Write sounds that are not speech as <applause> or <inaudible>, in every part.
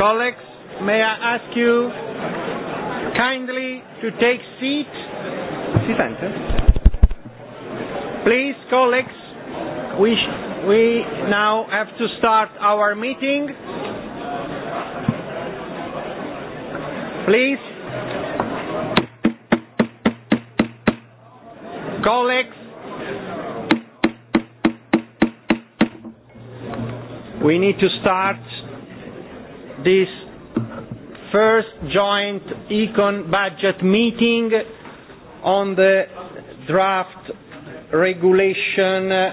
Colleagues, may I ask you kindly to take seat? Si sente? Please, colleagues, we, we now have to start our meeting. Please. Colleagues, we need to start this first joint econ budget meeting on the draft regulation uh,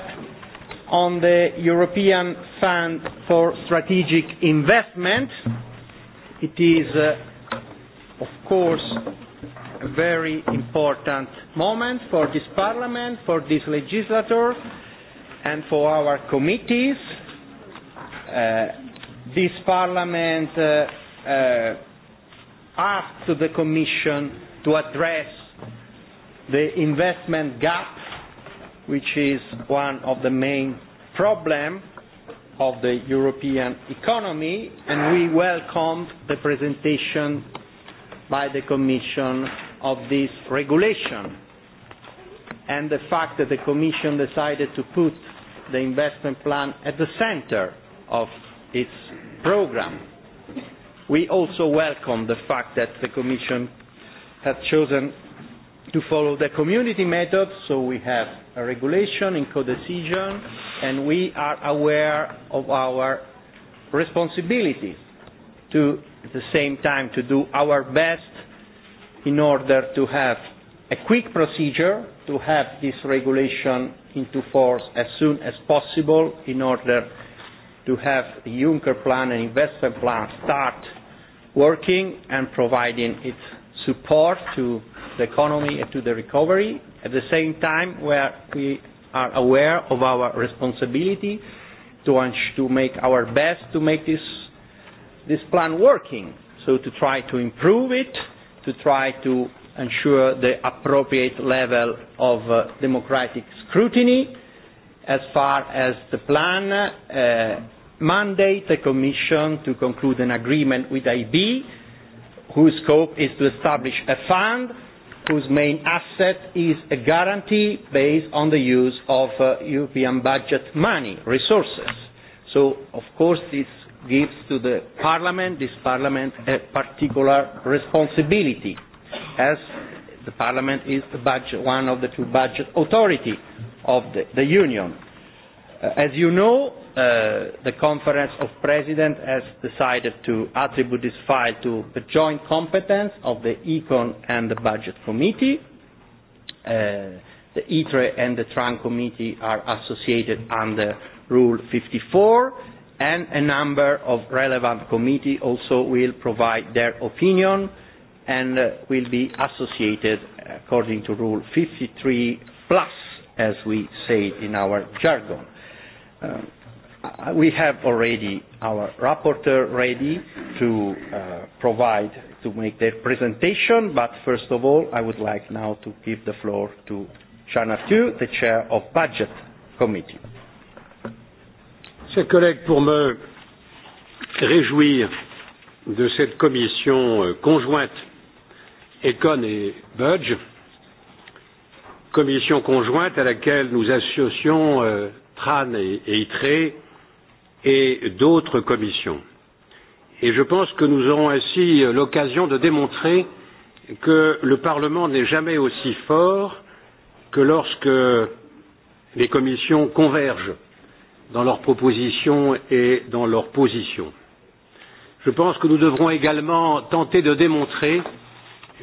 on the European Fund for Strategic Investment. It is, uh, of course, a very important moment for this Parliament, for this legislature and for our committees. Uh, this Parliament uh, uh, asked the Commission to address the investment gap, which is one of the main problems of the European economy, and we welcomed the presentation by the Commission of this regulation and the fact that the Commission decided to put the investment plan at the center of its programme. We also welcome the fact that the Commission has chosen to follow the community method, so we have a regulation in co-decision, and we are aware of our responsibility to, at the same time, to do our best in order to have a quick procedure to have this regulation into force as soon as possible in order to have the Juncker plan and investment plan start working and providing its support to the economy and to the recovery. At the same time, where we are aware of our responsibility to, to make our best to make this, this plan working. So to try to improve it, to try to ensure the appropriate level of uh, democratic scrutiny as far as the plan uh, mandate the Commission to conclude an agreement with IB whose scope is to establish a fund whose main asset is a guarantee based on the use of uh, European budget money, resources. So, of course, this gives to the Parliament, this Parliament, a particular responsibility, as the Parliament is the budget, one of the two budget authorities of the, the Union Uh, as you know, uh, the Conference of Presidents has decided to attribute this file to the joint competence of the Econ and the Budget Committee. Uh, the ITRE and the TRAN Committee are associated under Rule 54, and a number of relevant committees also will provide their opinion and uh, will be associated according to Rule 53 plus, as we say in our jargon uh, we have already our rapporteur ready to uh, provide, to make their presentation, but first of all, I would like now to give the floor to Jean Arthur, the chair of Budget Committee. Chers collègues, pour me réjouir de cette commission euh, conjointe Econ et Budge, commission conjointe à laquelle nous associons euh, Tran et, et ITRE et d'autres commissions. Et je pense que nous aurons ainsi l'occasion de démontrer que le Parlement n'est jamais aussi fort que lorsque les commissions convergent dans leurs propositions et dans leurs positions. Je pense que nous devrons également tenter de démontrer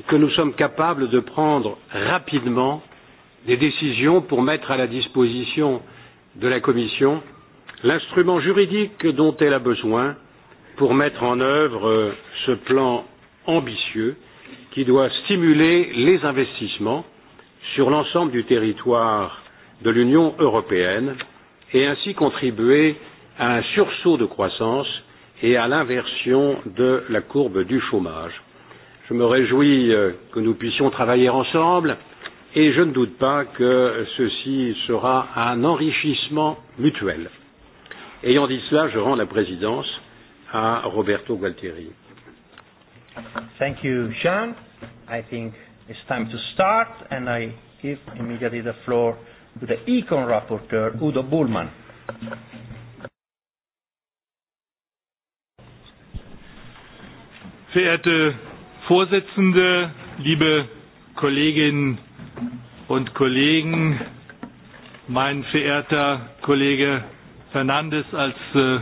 que nous sommes capables de prendre rapidement des décisions pour mettre à la disposition de la Commission l'instrument juridique dont elle a besoin pour mettre en œuvre euh, ce plan ambitieux qui doit stimuler les investissements sur l'ensemble du territoire de l'Union européenne et ainsi contribuer à un sursaut de croissance et à l'inversion de la courbe du chômage. Je me réjouis euh, que nous puissions travailler ensemble et je ne doute pas que ceci sera un enrichissement mutuel. Ayant dit cela, je rends la présidence à Roberto Gualtieri. Thank you, Jean. I think it's time to start, and I give immediately the floor to the Econ rapporteur, Udo Bullman. Verehrte Vorsitzende, liebe Kolleginnen und Kollegen. Mein verehrter Kollege Fernandes als Ko äh,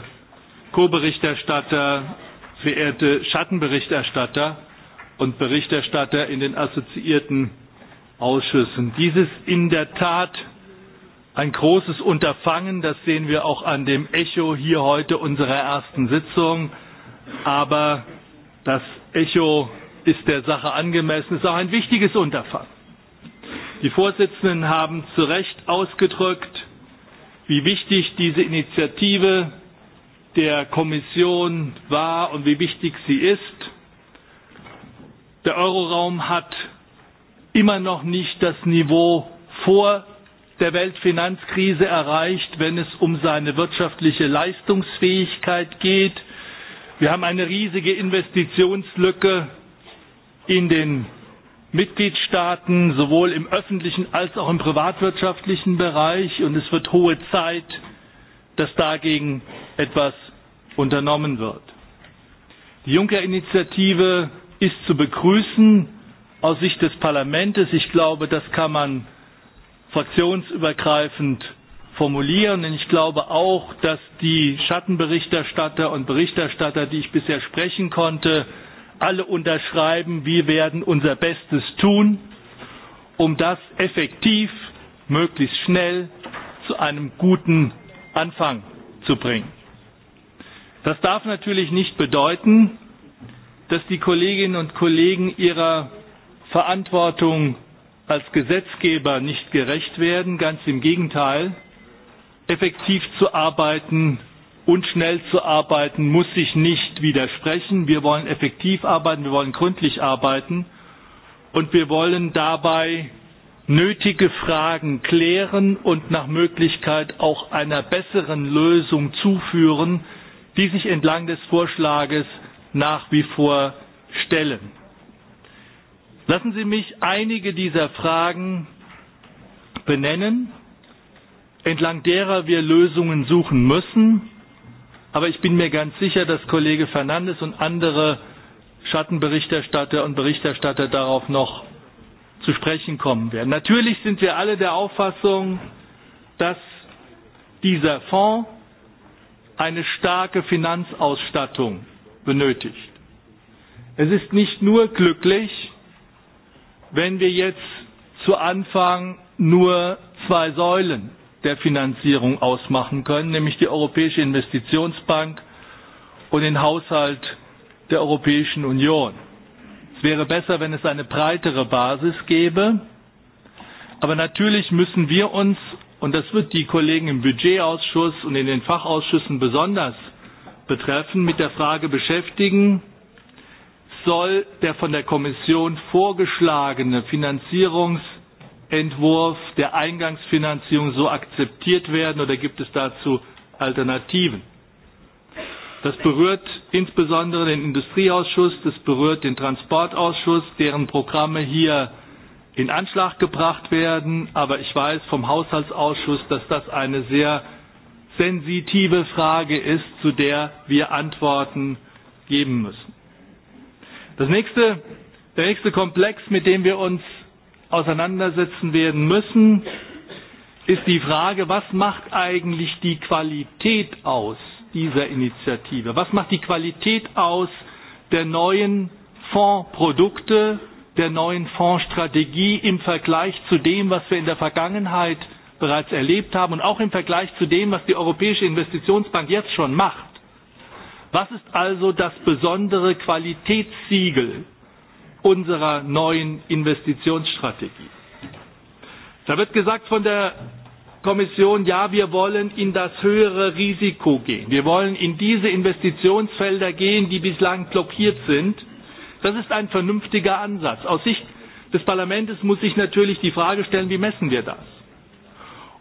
Co-Berichterstatter, verehrte Schattenberichterstatter und Berichterstatter in den assoziierten Ausschüssen. Dies ist in der Tat ein großes Unterfangen, das sehen wir auch an dem Echo hier heute unserer ersten Sitzung. Aber das Echo ist der Sache angemessen, ist auch ein wichtiges Unterfangen. Die Vorsitzenden haben zu Recht ausgedrückt, wie wichtig diese Initiative der Kommission war und wie wichtig sie ist. Der Euroraum hat immer noch nicht das Niveau vor der Weltfinanzkrise erreicht, wenn es um seine wirtschaftliche Leistungsfähigkeit geht. Wir haben eine riesige Investitionslücke in den Mitgliedstaaten sowohl im öffentlichen als auch im privatwirtschaftlichen Bereich. Und es wird hohe Zeit, dass dagegen etwas unternommen wird. Die Juncker-Initiative ist zu begrüßen aus Sicht des Parlaments. Ich glaube, das kann man fraktionsübergreifend formulieren. und ich glaube auch, dass die Schattenberichterstatter und Berichterstatter, die ich bisher sprechen konnte, alle unterschreiben, wir werden unser Bestes tun, um das effektiv, möglichst schnell zu einem guten Anfang zu bringen. Das darf natürlich nicht bedeuten, dass die Kolleginnen und Kollegen ihrer Verantwortung als Gesetzgeber nicht gerecht werden. Ganz im Gegenteil, effektiv zu arbeiten und schnell zu arbeiten, muss sich nicht widersprechen. Wir wollen effektiv arbeiten, wir wollen gründlich arbeiten und wir wollen dabei nötige Fragen klären und nach Möglichkeit auch einer besseren Lösung zuführen, die sich entlang des Vorschlages nach wie vor stellen. Lassen Sie mich einige dieser Fragen benennen, entlang derer wir Lösungen suchen müssen Aber ich bin mir ganz sicher, dass Kollege Fernandes und andere Schattenberichterstatter und Berichterstatter darauf noch zu sprechen kommen werden. Natürlich sind wir alle der Auffassung, dass dieser Fonds eine starke Finanzausstattung benötigt. Es ist nicht nur glücklich, wenn wir jetzt zu Anfang nur zwei Säulen der Finanzierung ausmachen können, nämlich die Europäische Investitionsbank und den Haushalt der Europäischen Union. Es wäre besser, wenn es eine breitere Basis gäbe. Aber natürlich müssen wir uns, und das wird die Kollegen im Budgetausschuss und in den Fachausschüssen besonders betreffen, mit der Frage beschäftigen, soll der von der Kommission vorgeschlagene Finanzierungs- Entwurf der Eingangsfinanzierung so akzeptiert werden oder gibt es dazu Alternativen? Das berührt insbesondere den Industrieausschuss, das berührt den Transportausschuss, deren Programme hier in Anschlag gebracht werden. Aber ich weiß vom Haushaltsausschuss, dass das eine sehr sensitive Frage ist, zu der wir Antworten geben müssen. Das nächste, der nächste Komplex, mit dem wir uns auseinandersetzen werden müssen, ist die Frage, was macht eigentlich die Qualität aus dieser Initiative? Was macht die Qualität aus der neuen Fondsprodukte, der neuen Fondsstrategie im Vergleich zu dem, was wir in der Vergangenheit bereits erlebt haben und auch im Vergleich zu dem, was die Europäische Investitionsbank jetzt schon macht? Was ist also das besondere Qualitätssiegel unserer neuen Investitionsstrategie. Da wird gesagt von der Kommission, ja, wir wollen in das höhere Risiko gehen. Wir wollen in diese Investitionsfelder gehen, die bislang blockiert sind. Das ist ein vernünftiger Ansatz. Aus Sicht des Parlaments muss sich natürlich die Frage stellen, wie messen wir das?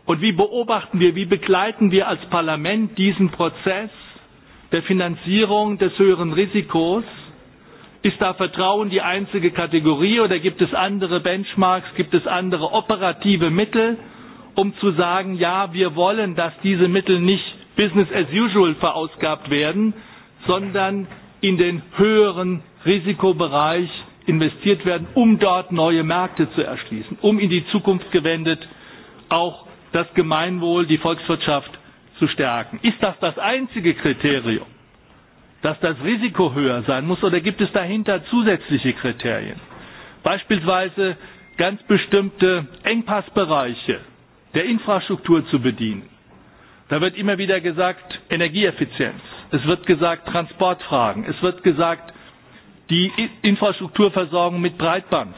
Und wie beobachten wir, wie begleiten wir als Parlament diesen Prozess der Finanzierung des höheren Risikos Ist da Vertrauen die einzige Kategorie oder gibt es andere Benchmarks, gibt es andere operative Mittel, um zu sagen, ja, wir wollen, dass diese Mittel nicht business as usual verausgabt werden, sondern in den höheren Risikobereich investiert werden, um dort neue Märkte zu erschließen, um in die Zukunft gewendet auch das Gemeinwohl, die Volkswirtschaft zu stärken. Ist das das einzige Kriterium? dass das Risiko höher sein muss oder gibt es dahinter zusätzliche Kriterien? Beispielsweise ganz bestimmte Engpassbereiche der Infrastruktur zu bedienen. Da wird immer wieder gesagt Energieeffizienz, es wird gesagt Transportfragen, es wird gesagt die Infrastrukturversorgung mit Breitband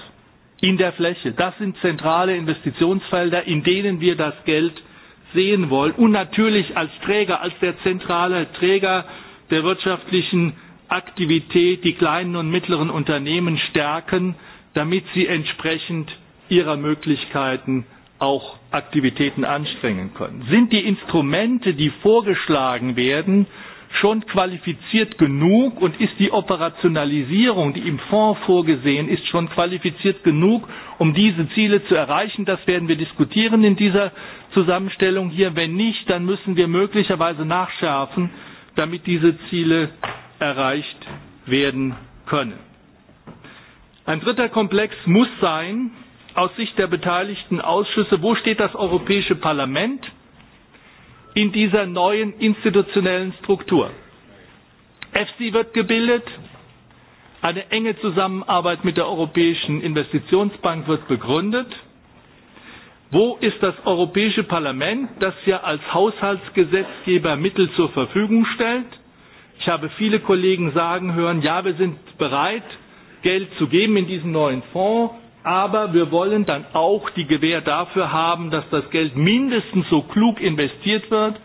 in der Fläche. Das sind zentrale Investitionsfelder, in denen wir das Geld sehen wollen und natürlich als Träger, als der zentrale Träger der wirtschaftlichen Aktivität die kleinen und mittleren Unternehmen stärken, damit sie entsprechend ihrer Möglichkeiten auch Aktivitäten anstrengen können. Sind die Instrumente, die vorgeschlagen werden, schon qualifiziert genug und ist die Operationalisierung, die im Fonds vorgesehen ist, schon qualifiziert genug, um diese Ziele zu erreichen? Das werden wir diskutieren in dieser Zusammenstellung hier. Wenn nicht, dann müssen wir möglicherweise nachschärfen damit diese Ziele erreicht werden können. Ein dritter Komplex muss sein, aus Sicht der beteiligten Ausschüsse, wo steht das Europäische Parlament in dieser neuen institutionellen Struktur? EFSI wird gebildet, eine enge Zusammenarbeit mit der Europäischen Investitionsbank wird begründet, Wo ist das Europäische Parlament, das ja als Haushaltsgesetzgeber Mittel zur Verfügung stellt? Ich habe viele Kollegen sagen hören, ja, wir sind bereit, Geld zu geben in diesen neuen Fonds, aber wir wollen dann auch die Gewähr dafür haben, dass das Geld mindestens so klug investiert wird,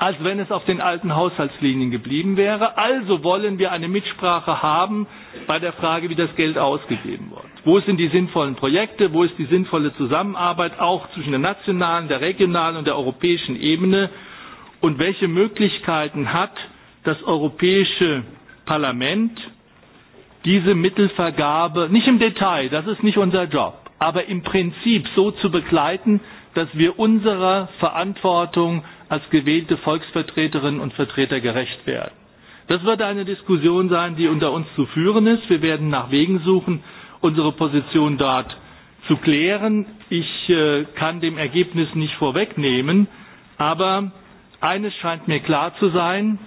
als wenn es auf den alten Haushaltslinien geblieben wäre. Also wollen wir eine Mitsprache haben bei der Frage, wie das Geld ausgegeben wird. Wo sind die sinnvollen Projekte? Wo ist die sinnvolle Zusammenarbeit auch zwischen der nationalen, der regionalen und der europäischen Ebene? Und welche Möglichkeiten hat das Europäische Parlament, diese Mittelvergabe nicht im Detail, das ist nicht unser Job, aber im Prinzip so zu begleiten, dass wir unserer Verantwortung als gewählte Volksvertreterinnen und Vertreter gerecht werden. Das wird eine Diskussion sein, die unter uns zu führen ist. Wir werden nach Wegen suchen, unsere Position dort zu klären. Ich äh, kann dem Ergebnis nicht vorwegnehmen, aber eines scheint mir klar zu sein,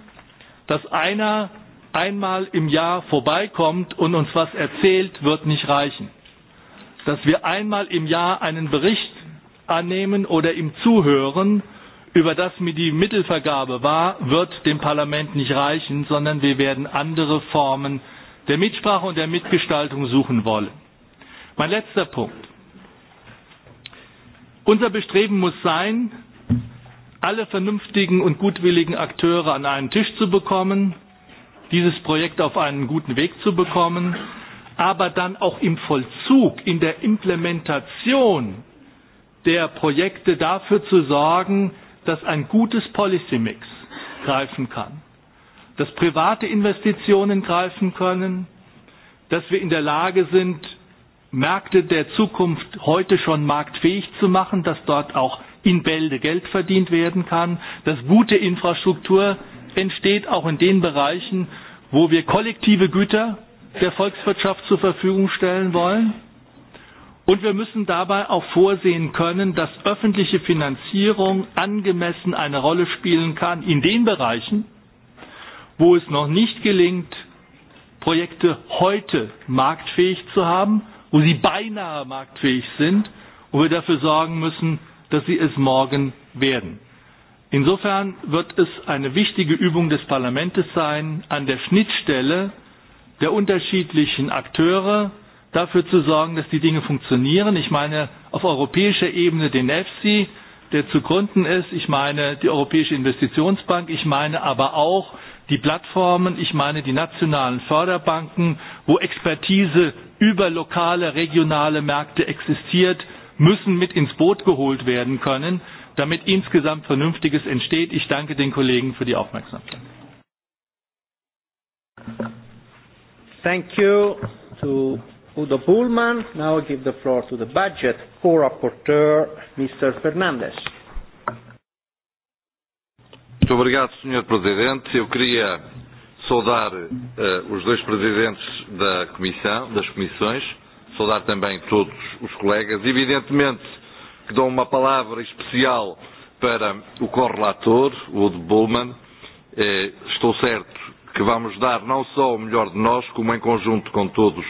dass einer einmal im Jahr vorbeikommt und uns was erzählt, wird nicht reichen. Dass wir einmal im Jahr einen Bericht annehmen oder ihm Zuhören über das mir die Mittelvergabe war, wird dem Parlament nicht reichen, sondern wir werden andere Formen der Mitsprache und der Mitgestaltung suchen wollen. Mein letzter Punkt. Unser Bestreben muss sein, alle vernünftigen und gutwilligen Akteure an einen Tisch zu bekommen, dieses Projekt auf einen guten Weg zu bekommen, aber dann auch im Vollzug, in der Implementation der Projekte dafür zu sorgen, dass ein gutes Policy Mix greifen kann, dass private Investitionen greifen können, dass wir in der Lage sind, Märkte der Zukunft heute schon marktfähig zu machen, dass dort auch in Bälde Geld verdient werden kann, dass gute Infrastruktur entsteht, auch in den Bereichen, wo wir kollektive Güter der Volkswirtschaft zur Verfügung stellen wollen Und wir müssen dabei auch vorsehen können, dass öffentliche Finanzierung angemessen eine Rolle spielen kann in den Bereichen, wo es noch nicht gelingt, Projekte heute marktfähig zu haben, wo sie beinahe marktfähig sind und wir dafür sorgen müssen, dass sie es morgen werden. Insofern wird es eine wichtige Übung des Parlaments sein, an der Schnittstelle der unterschiedlichen Akteure, dafür zu sorgen, dass die Dinge funktionieren. Ich meine auf europäischer Ebene den EFSI, der zu gründen ist. Ich meine die Europäische Investitionsbank. Ich meine aber auch die Plattformen. Ich meine die nationalen Förderbanken, wo Expertise über lokale, regionale Märkte existiert, müssen mit ins Boot geholt werden können, damit insgesamt Vernünftiges entsteht. Ich danke den Kollegen für die Aufmerksamkeit. Thank you to Udo Bullman. Now I give the floor to the budget co-rapporteur, Mr. Fernandes. Muito obrigado, Sr. Presidente. Eu queria saudar uh, os dois presidentes da comissão, das comissões, saudar também todos os colegas. Evidentemente que dou uma palavra especial para o correlator, o de Bullman. Uh, eh, estou certo que vamos dar não só o melhor de nós, como em conjunto com todos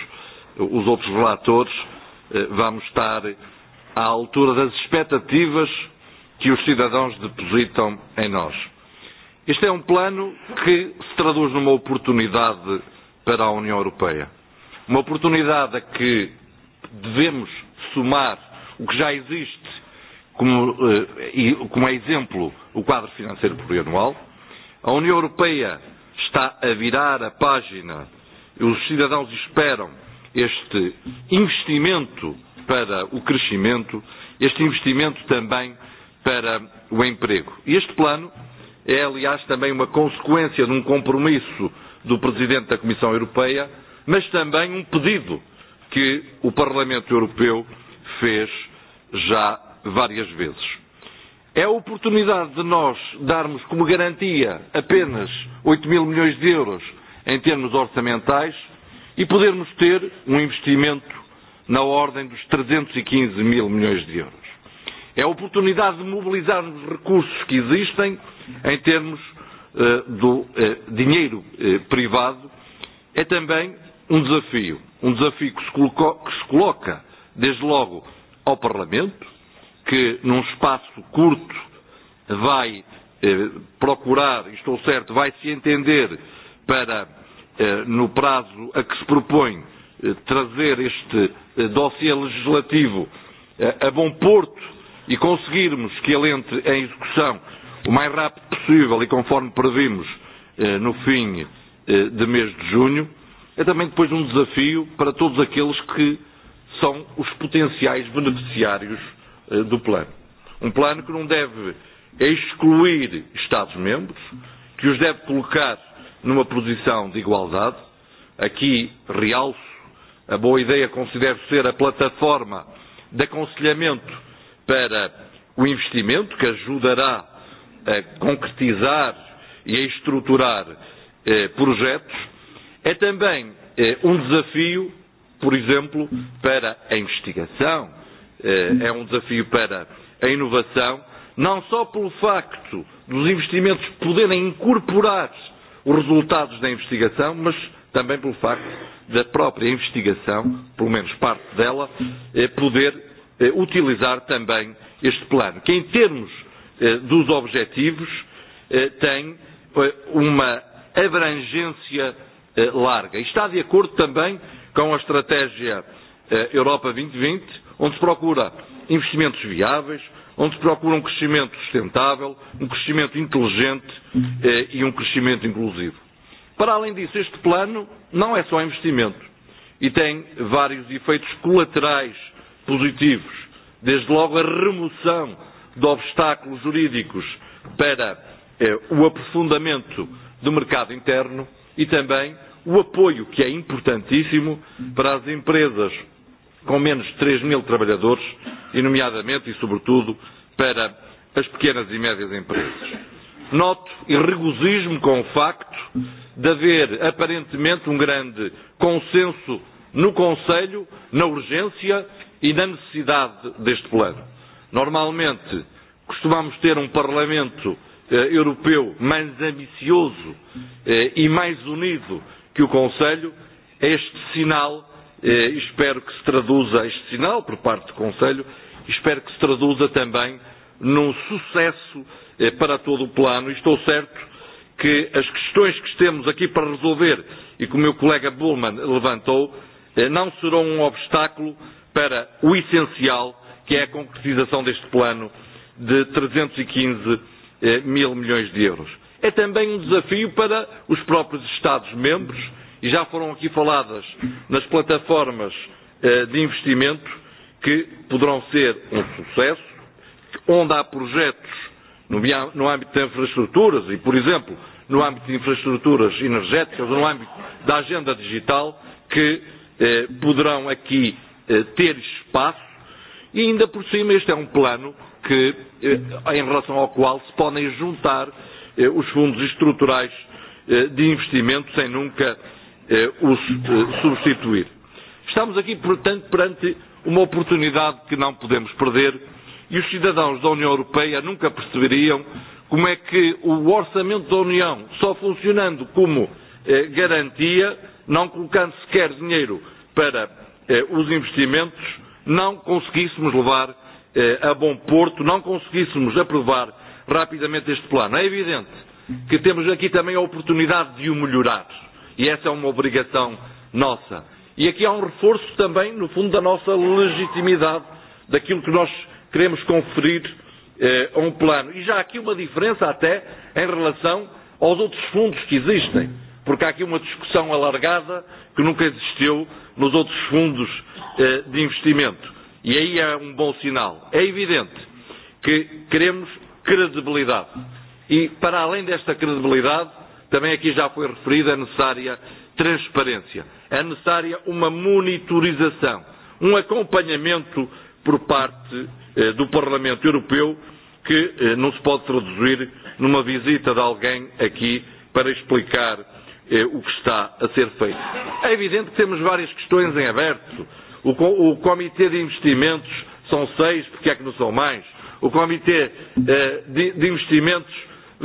os outros relatores, eh, vamos estar à altura das expectativas que os cidadãos depositam em nós. Este é um plano que se traduz numa oportunidade para a União Europeia. Uma oportunidade a que devemos somar o que já existe como, eh, e como é exemplo o quadro financeiro plurianual. A União Europeia está a virar a página, os cidadãos esperam este investimento para o crescimento, este investimento também para o emprego. E este plano é, aliás, também uma consequência de um compromisso do Presidente da Comissão Europeia, mas também um pedido que o Parlamento Europeu fez já várias vezes. É a oportunidade de nós darmos como garantia apenas 8 mil milhões de euros em termos orçamentais e podermos ter um investimento na ordem dos 315 e mil milhões de euros. É a oportunidade de mobilizarmos recursos que existem em termos uh, do uh, dinheiro uh, privado. É também um desafio, um desafio que se, colocou, que se coloca desde logo ao Parlamento, que num espaço curto vai eh, procurar, e estou certo, vai se entender para Eh, no prazo a que se propõe eh, trazer este eh, dossiê legislativo a bom porto e conseguirmos que ele entre em execução o mais rápido possível e conforme previmos no fim de mês de junho, é também depois um desafio para todos aqueles que são os potenciais beneficiários do plano. Um plano que não deve excluir Estados-membros, que os deve colocar numa posição de igualdade. Aqui realço a boa ideia, considero ser a plataforma de aconselhamento para o investimento, que ajudará a concretizar e a estruturar eh, projetos. É também eh, um desafio, por exemplo, para a investigação, eh, é um desafio para a inovação, não só pelo facto dos investimentos poderem incorporar os resultados da investigação, mas também pelo facto da própria investigação, pelo menos parte dela, eh, poder eh, utilizar também este plano, que em termos eh, dos objetivos tem uma abrangência larga. E está de acordo também com a estratégia Europa 2020, onde se procura investimentos viáveis, onde se procura um crescimento sustentável, um crescimento inteligente eh, e um crescimento inclusivo. Para além disso, este plano não é só investimento e tem vários efeitos colaterais positivos, desde logo a remoção de obstáculos jurídicos para eh, o aprofundamento do mercado interno e também o apoio, que é importantíssimo, para as empresas com menos de 3 mil trabalhadores, e nomeadamente e sobretudo para as pequenas e médias empresas. Noto e regozismo com o facto de haver aparentemente um grande consenso no Conselho, na urgência e na necessidade deste plano. Normalmente costumamos ter um Parlamento eh, Europeu mais ambicioso eh, e mais unido que o Conselho. Este sinal e espero que se traduza este sinal por parte do Conselho e espero que se traduza também num sucesso eh, para todo o plano e estou certo que as questões que temos aqui para resolver e que o meu colega Bullman levantou eh, não serão um obstáculo para o essencial que é a concretização deste plano de 315 e eh, mil milhões de euros. É também um desafio para os próprios Estados-membros e já foram aqui faladas nas plataformas eh, de investimento que poderão ser um sucesso, onde há projetos no, no âmbito de infraestruturas e, por exemplo, no âmbito de infraestruturas energéticas ou no âmbito da agenda digital, que eh, poderão aqui eh, ter espaço e ainda por cima este é um plano que, eh, em relação ao qual se podem juntar eh, os fundos estruturais eh, de investimento sem nunca os substituir. Estamos aqui, portanto, perante uma oportunidade que não podemos perder e os cidadãos da União Europeia nunca perceberiam como é que o orçamento da União, só funcionando como eh, garantia, não colocando sequer dinheiro para eh, os investimentos, não conseguíssemos levar eh, a bom porto, não conseguíssemos aprovar rapidamente este plano. É evidente que temos aqui também a oportunidade de o melhorar E essa é uma obrigação nossa. E aqui há um reforço também, no fundo, da nossa legitimidade, daquilo que nós queremos conferir eh, a um plano. E já há aqui uma diferença até em relação aos outros fundos que existem, porque há aqui uma discussão alargada que nunca existiu nos outros fundos eh, de investimento. E aí é um bom sinal. É evidente que queremos credibilidade. E para além desta credibilidade, também aqui já foi referido, é necessária transparência, é necessária uma monitorização, um acompanhamento por parte eh, do Parlamento Europeu que eh, não se pode traduzir numa visita de alguém aqui para explicar eh, o que está a ser feito. É evidente que temos várias questões em aberto. O Comitê de Investimentos são seis, porque é que não são mais? O Comitê de Investimentos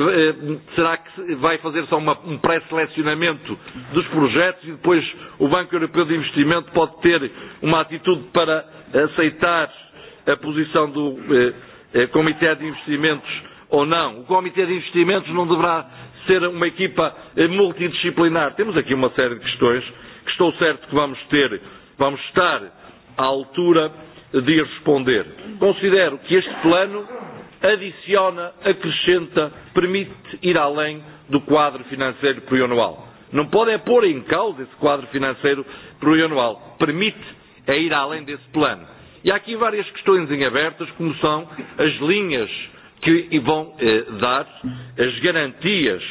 Eh, será que vai fazer só uma, um pré-selecionamento dos projetos e depois o Banco Europeu de Investimento pode ter uma atitude para aceitar a posição do eh, eh, Comitê de Investimentos ou não? O Comitê de Investimentos não deverá ser uma equipa eh, multidisciplinar. Temos aqui uma série de questões que estou certo que vamos ter, vamos estar à altura de responder. Considero que este plano adiciona, acrescenta, permite ir além do quadro financeiro plurianual. Não pode é pôr em causa esse quadro financeiro plurianual. Permite é ir além desse plano. E há aqui várias questões em abertas, como são as linhas que e vão eh, dar as garantias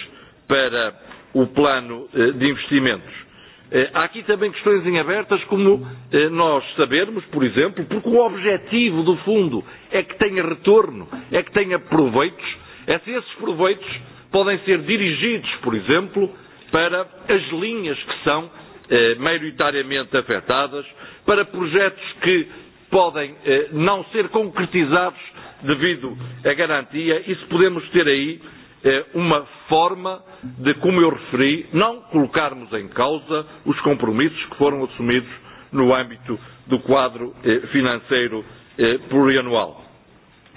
para o plano eh, de investimentos Eh, há aqui também questões em abertas, como eh, nós sabermos, por exemplo, porque o objetivo do fundo é que tenha retorno, é que tenha proveitos, é se esses proveitos podem ser dirigidos, por exemplo, para as linhas que são eh, maioritariamente afetadas, para projetos que podem eh, não ser concretizados devido à garantia, e se podemos ter aí É uma forma de, como eu referi, não colocarmos em causa os compromissos que foram assumidos no âmbito do quadro eh, financeiro eh, plurianual.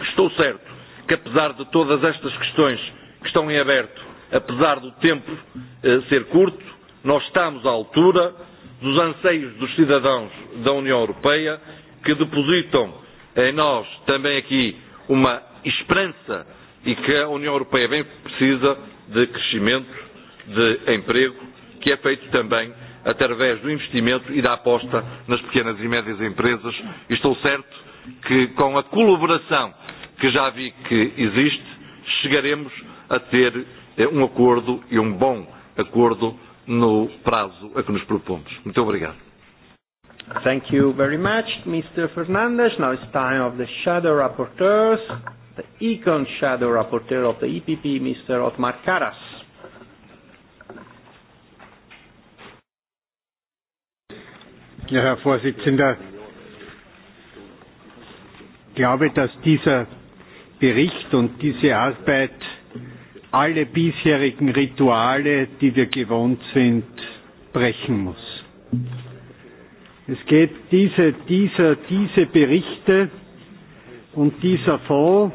Estou certo que, apesar de todas estas questões que estão em aberto, apesar do tempo eh, ser curto, nós estamos à altura dos anseios dos cidadãos da União Europeia que depositam em nós também aqui uma esperança e que a União Europeia bem precisa de crescimento, de emprego, que é feito também através do investimento e da aposta nas pequenas e médias empresas. E estou certo que com a colaboração que já vi que existe, chegaremos a ter eh, um acordo e um bom acordo no prazo a que nos propomos. Muito obrigado. Thank you very much, Mr. Fernandes. Now it's time of the shadow rapporteurs the Econ Shadow Rapporteur of the EPP, Mr. Otmar Karas. Ja, Herr Vorsitzender, ich glaube, dass dieser Bericht und diese Arbeit alle bisherigen Rituale, die wir gewohnt sind, brechen muss. Es geht diese, dieser, diese Berichte und dieser Fonds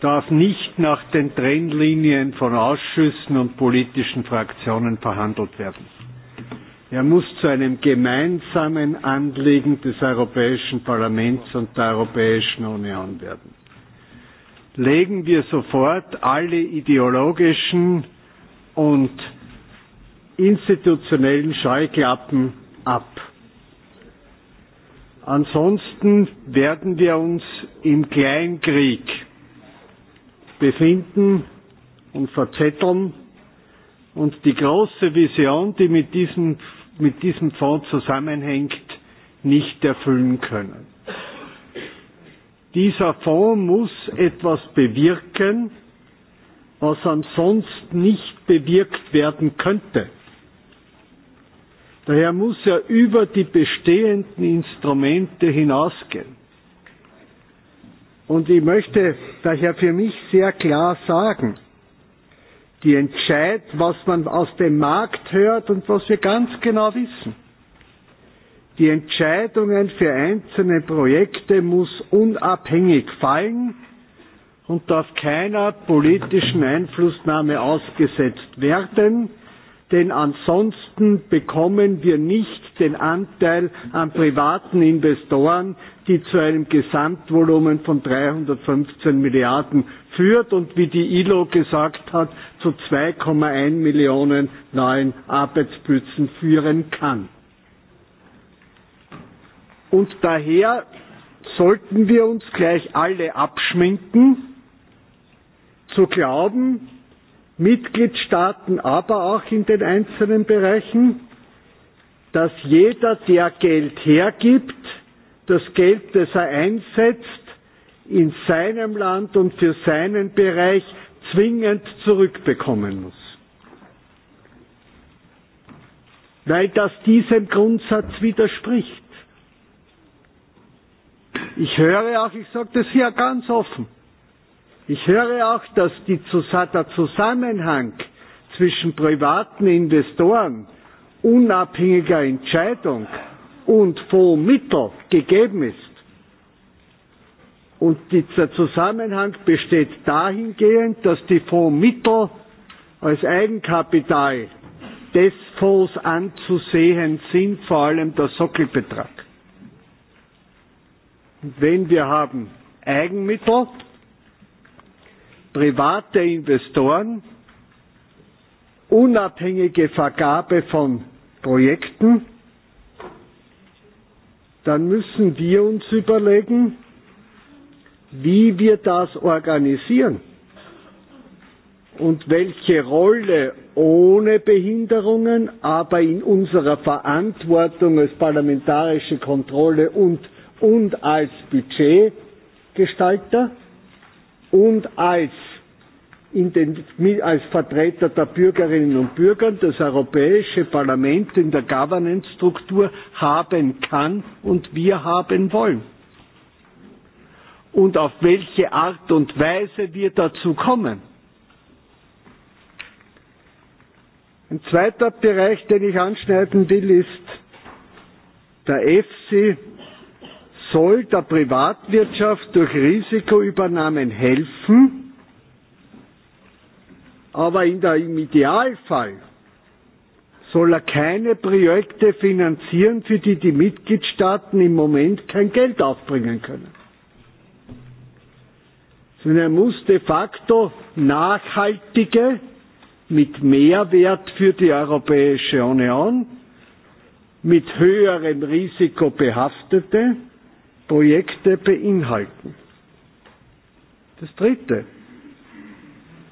darf nicht nach den Trennlinien von Ausschüssen und politischen Fraktionen verhandelt werden. Er muss zu einem gemeinsamen Anliegen des Europäischen Parlaments und der Europäischen Union werden. Legen wir sofort alle ideologischen und institutionellen Scheuklappen ab. Ansonsten werden wir uns im Kleinkrieg befinden und verzetteln. Und die große Vision, die mit diesem, mit diesem Fonds zusammenhängt, nicht erfüllen können. Dieser Fonds muss etwas bewirken, was ansonsten nicht bewirkt werden könnte. Daher muss er über die bestehenden Instrumente hinausgehen. Und ich möchte daher für mich sehr klar sagen, die Entscheid, was man aus dem Markt hört und was wir ganz genau wissen. Die Entscheidungen für einzelne Projekte muss unabhängig fallen und darf keiner politischen Einflussnahme ausgesetzt werden denn ansonsten bekommen wir nicht den Anteil an privaten Investoren, die zu einem Gesamtvolumen von 315 Milliarden führt und wie die ILO gesagt hat, zu 2,1 Millionen neuen Arbeitsplätzen führen kann. Und daher sollten wir uns gleich alle abschminken, zu glauben, Mitgliedstaaten, aber auch in den einzelnen Bereichen, dass jeder, der Geld hergibt, das Geld, das er einsetzt, in seinem Land und für seinen Bereich zwingend zurückbekommen muss. Weil das diesem Grundsatz widerspricht. Ich höre auch, ich sage das hier ganz offen, ich höre auch, dass die, der Zusammenhang zwischen privaten Investoren, unabhängiger Entscheidung und Fondsmittel gegeben ist. Und dieser Zusammenhang besteht dahingehend, dass die Fondsmittel als Eigenkapital des Fonds anzusehen sind, vor allem der Sockelbetrag. Und wenn wir haben Eigenmittel, private Investoren, unabhängige Vergabe von Projekten, dann müssen wir uns überlegen, wie wir das organisieren und welche Rolle ohne Behinderungen, aber in unserer Verantwortung als parlamentarische Kontrolle und, und als Budgetgestalter und als, in den, als Vertreter der Bürgerinnen und Bürger das Europäische Parlament in der Governance-Struktur haben kann und wir haben wollen. Und auf welche Art und Weise wir dazu kommen. Ein zweiter Bereich, den ich anschneiden will, ist der EFSI soll der Privatwirtschaft durch Risikoübernahmen helfen, aber in der, im Idealfall soll er keine Projekte finanzieren, für die die Mitgliedstaaten im Moment kein Geld aufbringen können. Sondern er muss de facto nachhaltige, mit Mehrwert für die Europäische Union, mit höherem Risiko behaftete Projekte beinhalten. Das Dritte.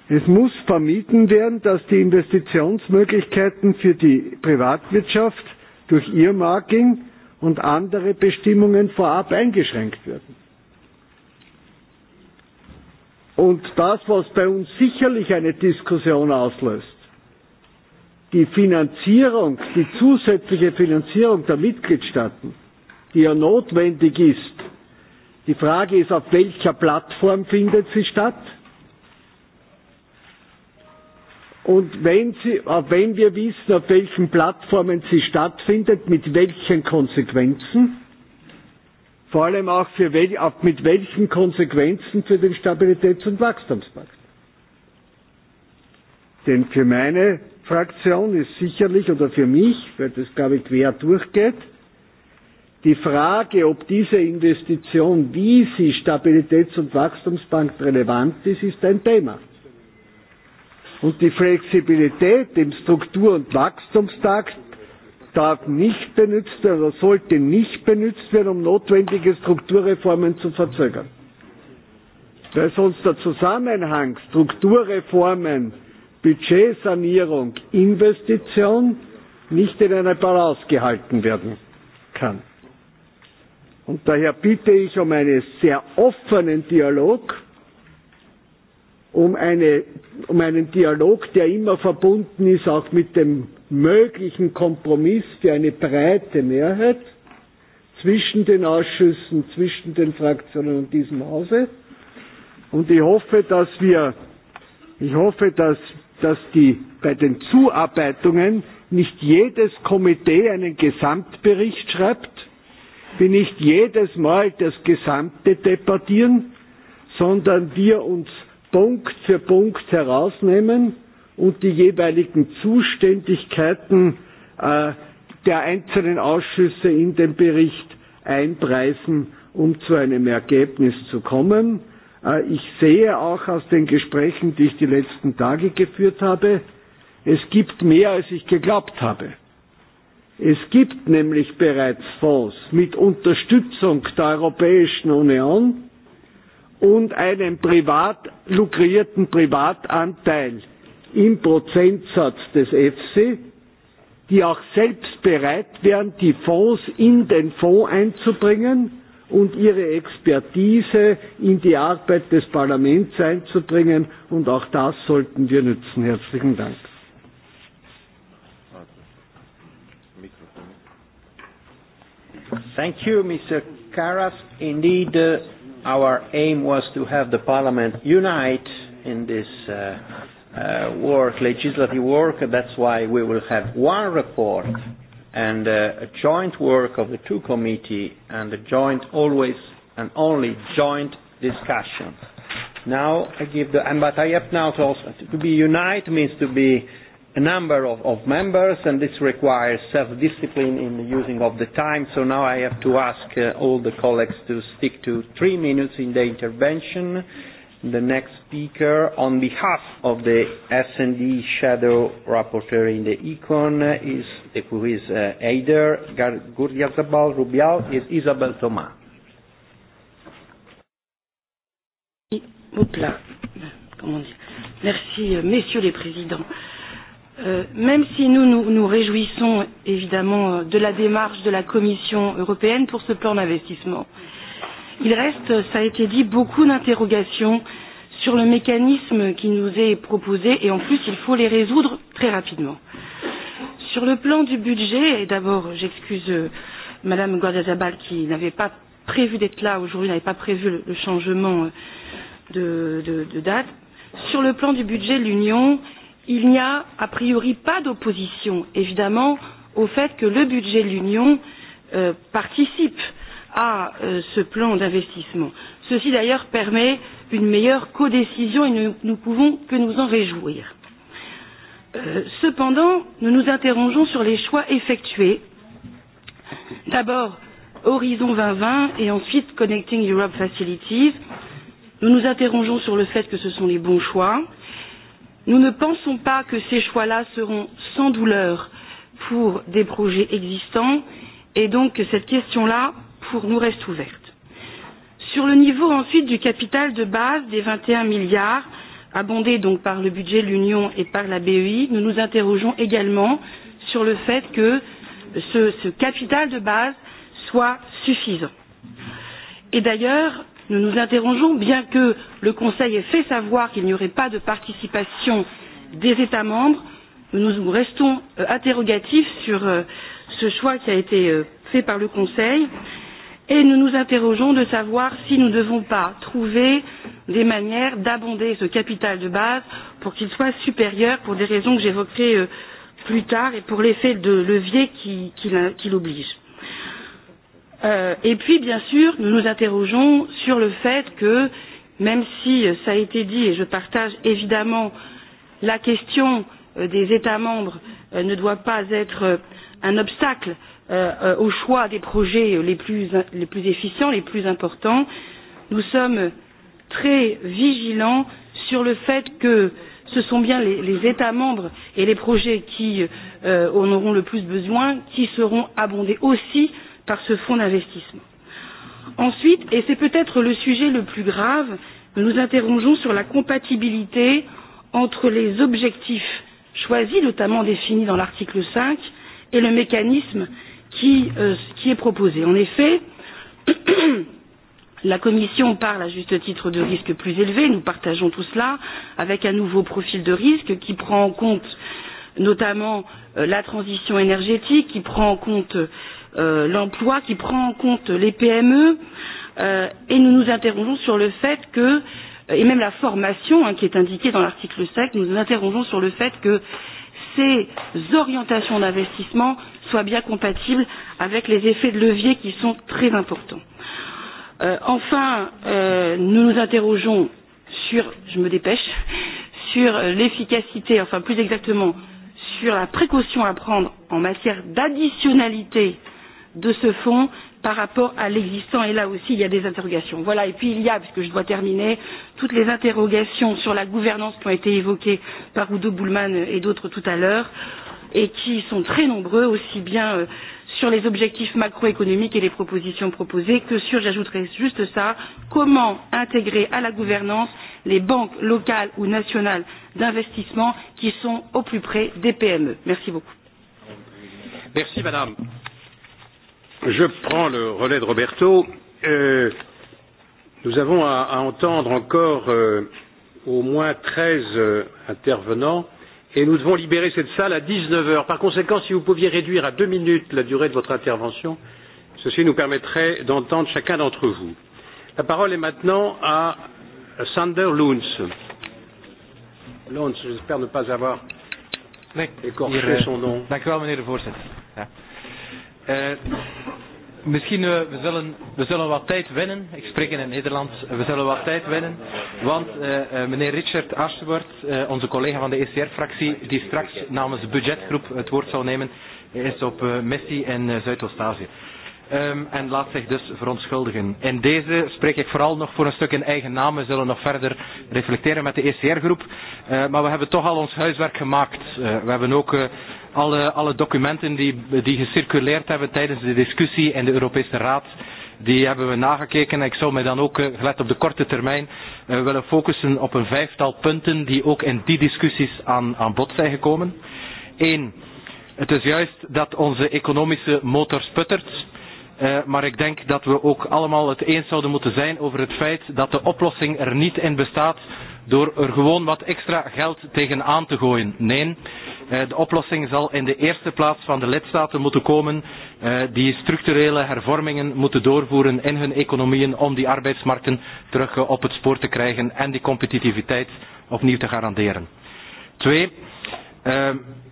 Es muss vermieden werden, dass die Investitionsmöglichkeiten für die Privatwirtschaft durch Earmarking und andere Bestimmungen vorab eingeschränkt werden. Und das, was bei uns sicherlich eine Diskussion auslöst, die Finanzierung, die zusätzliche Finanzierung der Mitgliedstaaten, die ja notwendig ist. Die Frage ist, auf welcher Plattform findet sie statt? Und wenn, sie, wenn wir wissen, auf welchen Plattformen sie stattfindet, mit welchen Konsequenzen, vor allem auch, für wel, auch mit welchen Konsequenzen für den Stabilitäts- und Wachstumspakt. Denn für meine Fraktion ist sicherlich oder für mich, weil das glaube ich quer durchgeht, Die Frage, ob diese Investition, wie sie Stabilitäts- und Wachstumsbank relevant ist, ist ein Thema. Und die Flexibilität im Struktur- und Wachstumstakt darf nicht benutzt werden oder sollte nicht benutzt werden, um notwendige Strukturreformen zu verzögern. Weil sonst der Zusammenhang Strukturreformen, Budgetsanierung, Investition nicht in einer Balance gehalten werden kann. Und daher bitte ich um einen sehr offenen Dialog, um, eine, um einen Dialog, der immer verbunden ist auch mit dem möglichen Kompromiss für eine breite Mehrheit zwischen den Ausschüssen, zwischen den Fraktionen und diesem Hause. Und ich hoffe, dass wir, ich hoffe, dass, dass die, bei den Zuarbeitungen nicht jedes Komitee einen Gesamtbericht schreibt, wir nicht jedes Mal das Gesamte debattieren, sondern wir uns Punkt für Punkt herausnehmen und die jeweiligen Zuständigkeiten äh, der einzelnen Ausschüsse in den Bericht einpreisen, um zu einem Ergebnis zu kommen. Äh, ich sehe auch aus den Gesprächen, die ich die letzten Tage geführt habe, es gibt mehr, als ich geglaubt habe. Es gibt nämlich bereits Fonds mit Unterstützung der Europäischen Union und einem privat lukrierten Privatanteil im Prozentsatz des EFSI, die auch selbst bereit wären, die Fonds in den Fonds einzubringen und ihre Expertise in die Arbeit des Parlaments einzubringen. Und auch das sollten wir nützen. Herzlichen Dank. Thank you, Mr. Karas. Indeed, uh, our aim was to have the Parliament unite in this uh, uh, work, legislative work. That's why we will have one report and uh, a joint work of the two committee and a joint, always and only joint discussion. Now I give the, and but I have now to also, to be unite means to be a number of, of members, and this requires self-discipline in the using of the time. So now I have to ask uh, all the colleagues to stick to three minutes in the intervention. The next speaker, on behalf of the S&D shadow rapporteur in the Econ, is who is uh, Eider Gurdiazabal Rubial, is Isabel Thomas. Oups là, comment dire Merci, euh, messieurs les présidents. Euh, Euh, même si nous, nous nous réjouissons évidemment euh, de la démarche de la Commission européenne pour ce plan d'investissement, il reste, ça a été dit, beaucoup d'interrogations sur le mécanisme qui nous est proposé et en plus il faut les résoudre très rapidement. Sur le plan du budget, et d'abord j'excuse euh, Madame Guardiazabal qui n'avait pas prévu d'être là aujourd'hui, n'avait pas prévu le, le changement euh, de, de, de date. Sur le plan du budget de l'Union, il n'y a a priori pas d'opposition évidemment au fait que le budget de l'union euh, participe à euh, ce plan d'investissement. ceci d'ailleurs permet une meilleure codécision et nous ne pouvons que nous en réjouir. Euh, cependant nous nous interrogeons sur les choix effectués d'abord horizon deux mille vingt et ensuite connecting europe facilities. nous nous interrogeons sur le fait que ce sont les bons choix. Euh, Nous ne pensons pas que ces choix-là seront sans douleur pour des projets existants et donc que cette question-là, pour nous, reste ouverte. Sur le niveau ensuite du capital de base des 21 milliards, abondé donc par le budget de l'Union et par la BEI, nous nous interrogeons également sur le fait que ce, ce capital de base soit suffisant. Et d'ailleurs, nous nous interrogeons bien que le conseil ait fait savoir qu'il n'y aurait pas de participation des états membres nous restons euh, interrogatifs sur euh, ce choix qui a été euh, fait par le conseil et nous nous interrogeons de savoir si nous ne devons pas trouver des manières d'abonder ce capital de base pour qu'il soit supérieur pour des raisons que j'évoquerai plus tard et pour l'effet de levier qui, qui, qui l'oblige. Euh, et puis, bien sûr, nous nous interrogeons sur le fait que, même si ça a été dit, et je partage évidemment la question euh, des États membres euh, ne doit pas être euh, un obstacle au choix des projets les plus, les plus efficients, les plus importants. Nous sommes très vigilants sur le fait que ce sont bien les, les États membres et les projets qui euh, en auront le plus besoin qui seront abondés aussi euh, par ce fonds d'investissement. Ensuite, et c'est peut-être le sujet le plus grave, nous nous interrogeons sur la compatibilité entre les objectifs choisis, notamment définis dans l'article 5, et le mécanisme qui, euh, qui est proposé. En effet, <coughs> la Commission parle à juste titre de risques plus élevés, nous partageons tout cela, avec un nouveau profil de risque qui prend en compte notamment euh, la transition énergétique, qui prend en compte euh, euh, l'emploi, qui prend en compte les PME, euh, et nous nous interrogeons sur le fait que, euh, et même la formation hein, qui est indiquée dans l'article 7, nous nous interrogeons sur le fait que ces orientations d'investissement soient bien compatibles avec les effets de levier qui sont très importants. Euh, enfin, euh, nous nous interrogeons sur, je me dépêche, sur l'efficacité, enfin plus exactement, sur la précaution à prendre en matière d'additionnalité euh, de ce fonds par rapport à l'existant et là aussi il y a des interrogations. Voilà et puis il y a, puisque je dois terminer, toutes les interrogations sur la gouvernance qui ont été évoquées par Udo Bullman et d'autres tout à l'heure et qui sont très nombreux aussi bien euh, sur les objectifs macroéconomiques et les propositions proposées que sur, j'ajouterai juste ça, comment intégrer à la gouvernance les banques locales ou nationales d'investissement qui sont au plus près des PME. Merci beaucoup. Merci Madame je prends le relais de Roberto. Euh, nous avons à, à entendre encore euh, au moins treize euh, intervenants et nous devons libérer cette salle à dix neuf heures. Par conséquent, si vous pouviez réduire à deux minutes la durée de votre intervention, ceci nous permettrait d'entendre chacun d'entre vous. La parole est maintenant à Sander Luns. Luns, j'espère ne pas avoir écorché euh, son nom. Dank monsieur le Président. Uh, misschien uh, we zullen we zullen wat tijd winnen. Ik spreek in het Nederlands. Eh, we zullen wat tijd winnen, want uh, uh, meneer Richard Ashworth, uh, onze collega van de ECR-fractie, die straks namens de budgetgroep het woord zal nemen, is op uh, missie in uh, Zuidoost-Azië. Um, en laat zich dus verontschuldigen. In deze spreek ik vooral nog voor een stuk in eigen naam. We zullen nog verder reflecteren met de ECR-groep. Uh, eh, maar we hebben toch al ons huiswerk gemaakt. Uh, we hebben ook uh, alle, alle documenten die, die gecirculeerd hebben tijdens de discussie in de Europese Raad. Die hebben we nagekeken. Ik zou mij dan ook, gelet op de korte termijn, willen focussen op een vijftal punten die ook in die discussies aan, aan bod zijn gekomen. Eén, het is juist dat onze economische motor sputtert. Eh, maar ik denk dat we ook allemaal het eens zouden moeten zijn over het feit dat de oplossing er niet in bestaat door er gewoon wat extra geld tegenaan te gooien. Nee, eh, de oplossing zal in de eerste plaats van de lidstaten moeten komen eh, die structurele hervormingen moeten doorvoeren in hun economieën om die arbeidsmarkten terug op het spoor te krijgen en die competitiviteit opnieuw te garanderen. Twee,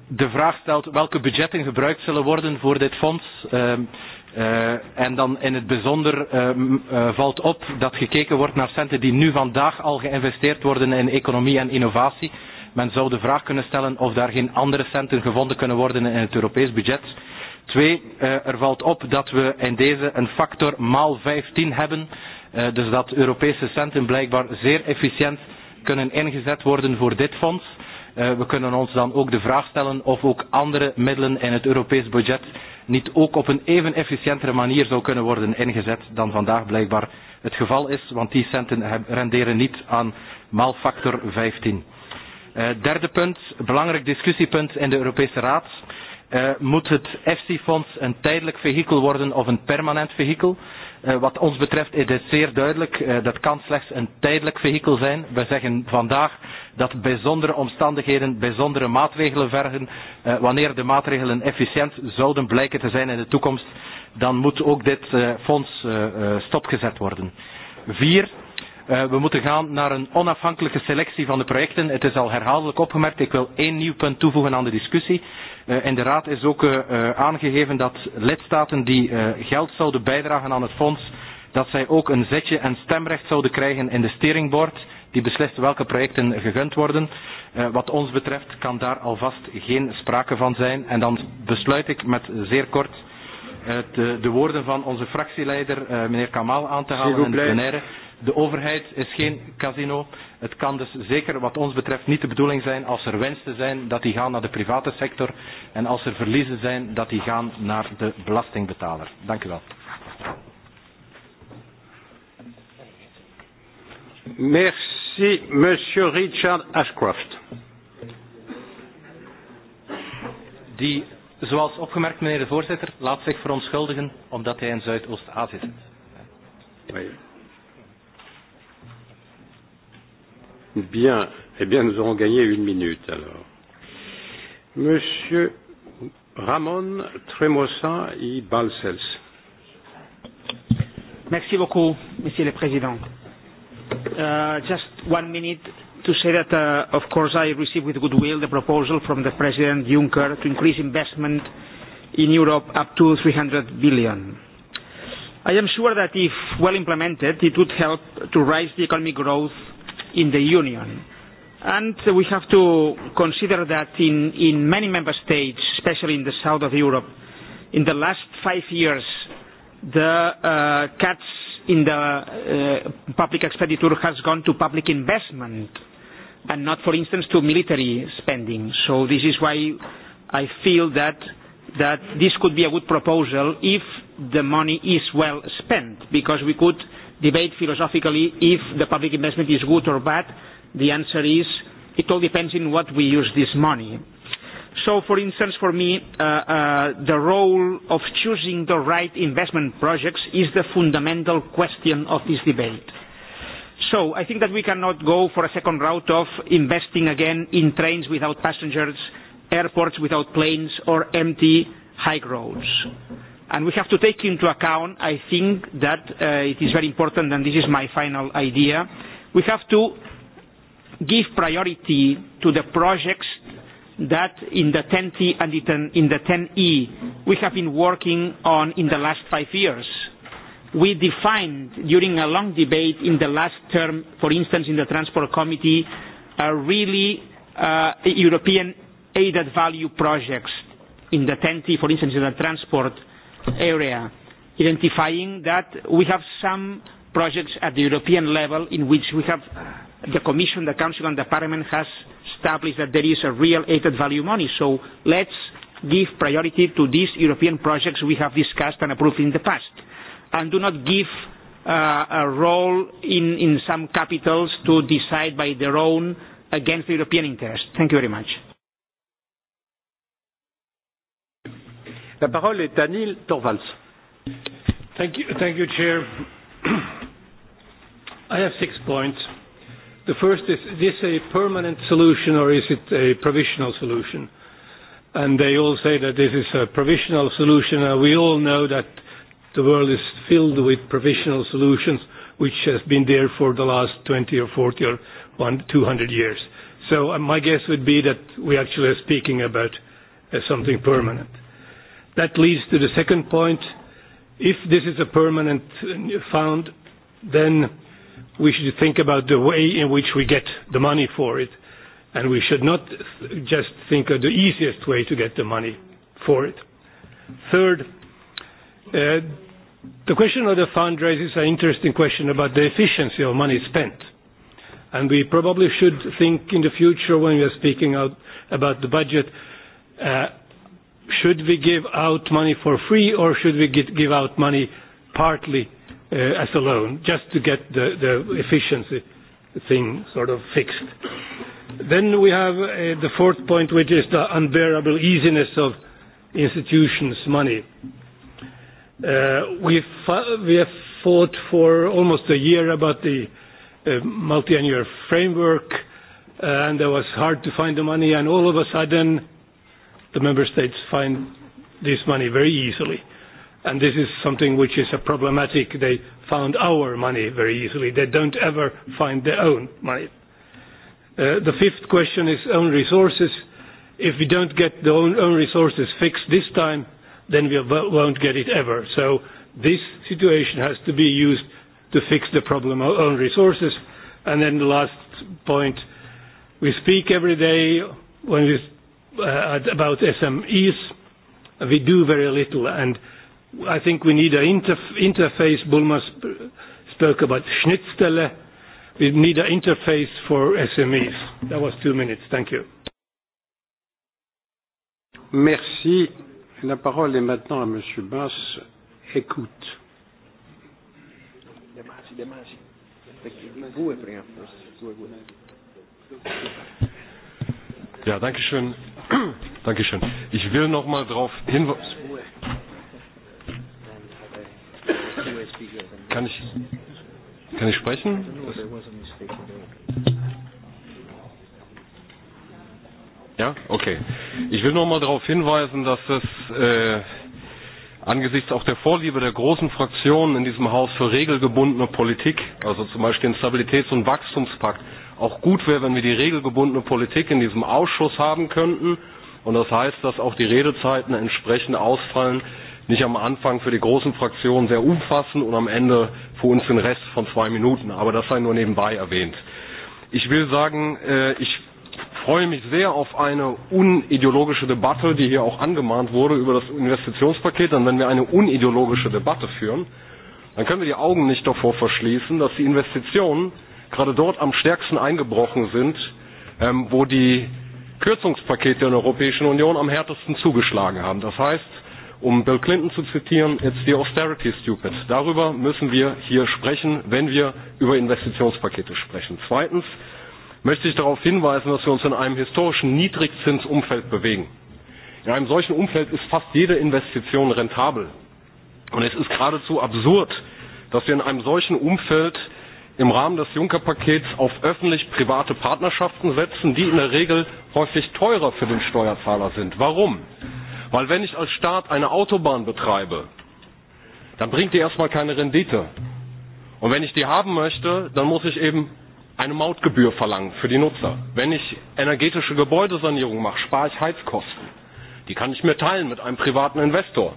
de vraag stelt welke budgetten gebruikt zullen worden voor dit fonds. Uh, en dan in het bijzonder uh, uh, valt op dat gekeken wordt naar centen die nu vandaag al geïnvesteerd worden in economie en innovatie. Men zou de vraag kunnen stellen of daar geen andere centen gevonden kunnen worden in het Europees budget. Twee, uh, er valt op dat we in deze een factor maal 15 hebben. Uh, dus dat Europese centen blijkbaar zeer efficiënt kunnen ingezet worden voor dit fonds. Uh, we kunnen ons dan ook de vraag stellen of ook andere middelen in het Europees budget niet ook op een even efficiëntere manier zou kunnen worden ingezet dan vandaag blijkbaar het geval is, want die centen renderen niet aan maalfactor 15. Uh, eh, derde punt, belangrijk discussiepunt in de Europese Raad. Uh, moet het EFSI-fonds een tijdelijk vehikel worden of een permanent vehikel? Eh, wat ons betreft het zeer duidelijk, eh, dat kan slechts een tijdelijk vehikel zijn. We zeggen vandaag dat bijzondere omstandigheden bijzondere maatregelen vergen. Eh, wanneer de maatregelen efficiënt zouden blijken te zijn in de toekomst, dan moet ook dit fonds stopgezet worden. Vier, we moeten gaan naar een onafhankelijke selectie van de projecten. Het is al herhaaldelijk opgemerkt. Ik wil één nieuw punt toevoegen aan de discussie in eh, de Raad is ook eh, eh, aangegeven dat lidstaten die geld zouden bijdragen aan het fonds, dat zij ook een zetje en stemrecht zouden krijgen in de steringboard die beslist welke projecten gegund worden. wat ons betreft kan daar alvast geen sprake van zijn. En dan besluit ik met zeer kort uit de, eh, de woorden van onze fractieleider, uh, meneer Kamal, aan te halen in de plenaire. De overheid is geen casino. Het kan dus zeker wat ons betreft niet de bedoeling zijn als er wensen zijn dat die gaan naar de private sector en als er verliezen zijn dat die gaan naar de belastingbetaler. Dank u wel. Merci, monsieur Richard Ashcroft. Die Zoals opgemerkt, meneer de voorzitter, laat zich verontschuldigen omdat hij in Zuidoost-Azië zit. Bien. Eh bien, nous avons gagné une minute alors. Monsieur Ramon Tremosa y Balcells. Merci beaucoup, Monsieur le Président. Uh, just one minute to say that, uh, of course, I received with goodwill the proposal from the President Juncker to increase investment in Europe up to 300 billion. I am sure that if well implemented, it would help to raise the economic growth in the Union. And we have to consider that in, in many member states, especially in the south of Europe, in the last five years, the uh, cuts in the uh, public expenditure has gone to public investment and not, for instance, to military spending. So this is why I feel that that this could be a good proposal if the money is well spent, because we could debate philosophically if the public investment is good or bad. The answer is it all depends on what we use this money. So, for instance, for me, uh, uh, the role of choosing the right investment projects is the fundamental question of this debate so I think that we cannot go for a second route of investing again in trains without passengers, airports without planes, or empty high roads. And we have to take into account, I think, that uh, it is very important, and this is my final idea, we have to give priority to the projects that in the 10T and in the 10E e we have been working on in the last five years we defined during a long debate in the last term, for instance, in the Transport Committee, a really uh, European added value projects in the TEN-T, for instance, in the transport area, identifying that we have some projects at the European level in which we have the Commission, the Council and the Parliament has established that there is a real added value money. So let's give priority to these European projects we have discussed and approved in the past and do not give uh, a role in, in some capitals to decide by their own against the European interest. Thank you very much. La parole est à Neil Torvalds. Thank you, thank you Chair. I have six points. The first is, is this a permanent solution or is it a provisional solution? And they all say that this is a provisional solution. Uh, we all know that the world is filled with provisional solutions which has been there for the last 20 or 40 or one, 200 years. So uh, my guess would be that we actually are speaking about uh, something permanent. That leads to the second point. If this is a permanent uh, fund, then we should think about the way in which we get the money for it. And we should not uh, just think of the easiest way to get the money for it. Third, Uh, the question of the fundraise is an interesting question about the efficiency of money spent. And we probably should think in the future when we are speaking out about the budget, uh, should we give out money for free or should we get, give out money partly uh, as a loan just to get the, the efficiency thing sort of fixed? Then we have uh, the fourth point, which is the unbearable easiness of institutions' money. Uh, Uh, we we have fought for almost a year about the uh, multi-annual framework, uh, and it was hard to find the money, and all of a sudden, the member states find this money very easily. And this is something which is a problematic. They found our money very easily. They don't ever find their own money. Uh, the fifth question is own resources. If we don't get the own, own resources fixed this time, then we won't get it ever. So this situation has to be used to fix the problem of own resources. And then the last point, we speak every day when we, uh, about SMEs. We do very little, and I think we need an interf- interface. Bulma sp- spoke about Schnittstelle. We need an interface for SMEs. That was two minutes. Thank you. Merci La parole est maintenant à Monsieur Bas. Écoute. Ja, danke schön. <clears throat> danke schön. Ich will noch mal darauf hinweisen. Kann ich, kann ich sprechen? Das Ja, okay. Ich will nur mal darauf hinweisen, dass es äh, angesichts auch der Vorliebe der großen Fraktionen in diesem Haus für regelgebundene Politik, also zum Beispiel den Stabilitäts- und Wachstumspakt, auch gut wäre, wenn wir die regelgebundene Politik in diesem Ausschuss haben könnten. Und das heißt, dass auch die Redezeiten entsprechend ausfallen, nicht am Anfang für die großen Fraktionen sehr umfassend und am Ende für uns den Rest von zwei Minuten. Aber das sei nur nebenbei erwähnt. Ich will sagen, äh, ich freue mich sehr auf eine unideologische Debatte, die hier auch angemahnt wurde über das Investitionspaket. Denn wenn wir eine unideologische Debatte führen, dann können wir die Augen nicht davor verschließen, dass die Investitionen gerade dort am stärksten eingebrochen sind, ähm, wo die Kürzungspakete in der Europäischen Union am härtesten zugeschlagen haben. Das heißt, um Bill Clinton zu zitieren, it's the austerity stupid. Darüber müssen wir hier sprechen, wenn wir über Investitionspakete sprechen. Zweitens, möchte ich darauf hinweisen, dass wir uns in einem historischen Niedrigzinsumfeld bewegen. In einem solchen Umfeld ist fast jede Investition rentabel. Und es ist geradezu absurd, dass wir in einem solchen Umfeld im Rahmen des Juncker-Pakets auf öffentlich-private Partnerschaften setzen, die in der Regel häufig teurer für den Steuerzahler sind. Warum? Weil wenn ich als Staat eine Autobahn betreibe, dann bringt die erstmal keine Rendite. Und wenn ich die haben möchte, dann muss ich eben eine Mautgebühr verlangen für die Nutzer. Wenn ich energetische Gebäudesanierung mache, spare ich Heizkosten. Die kann ich mir teilen mit einem privaten Investor.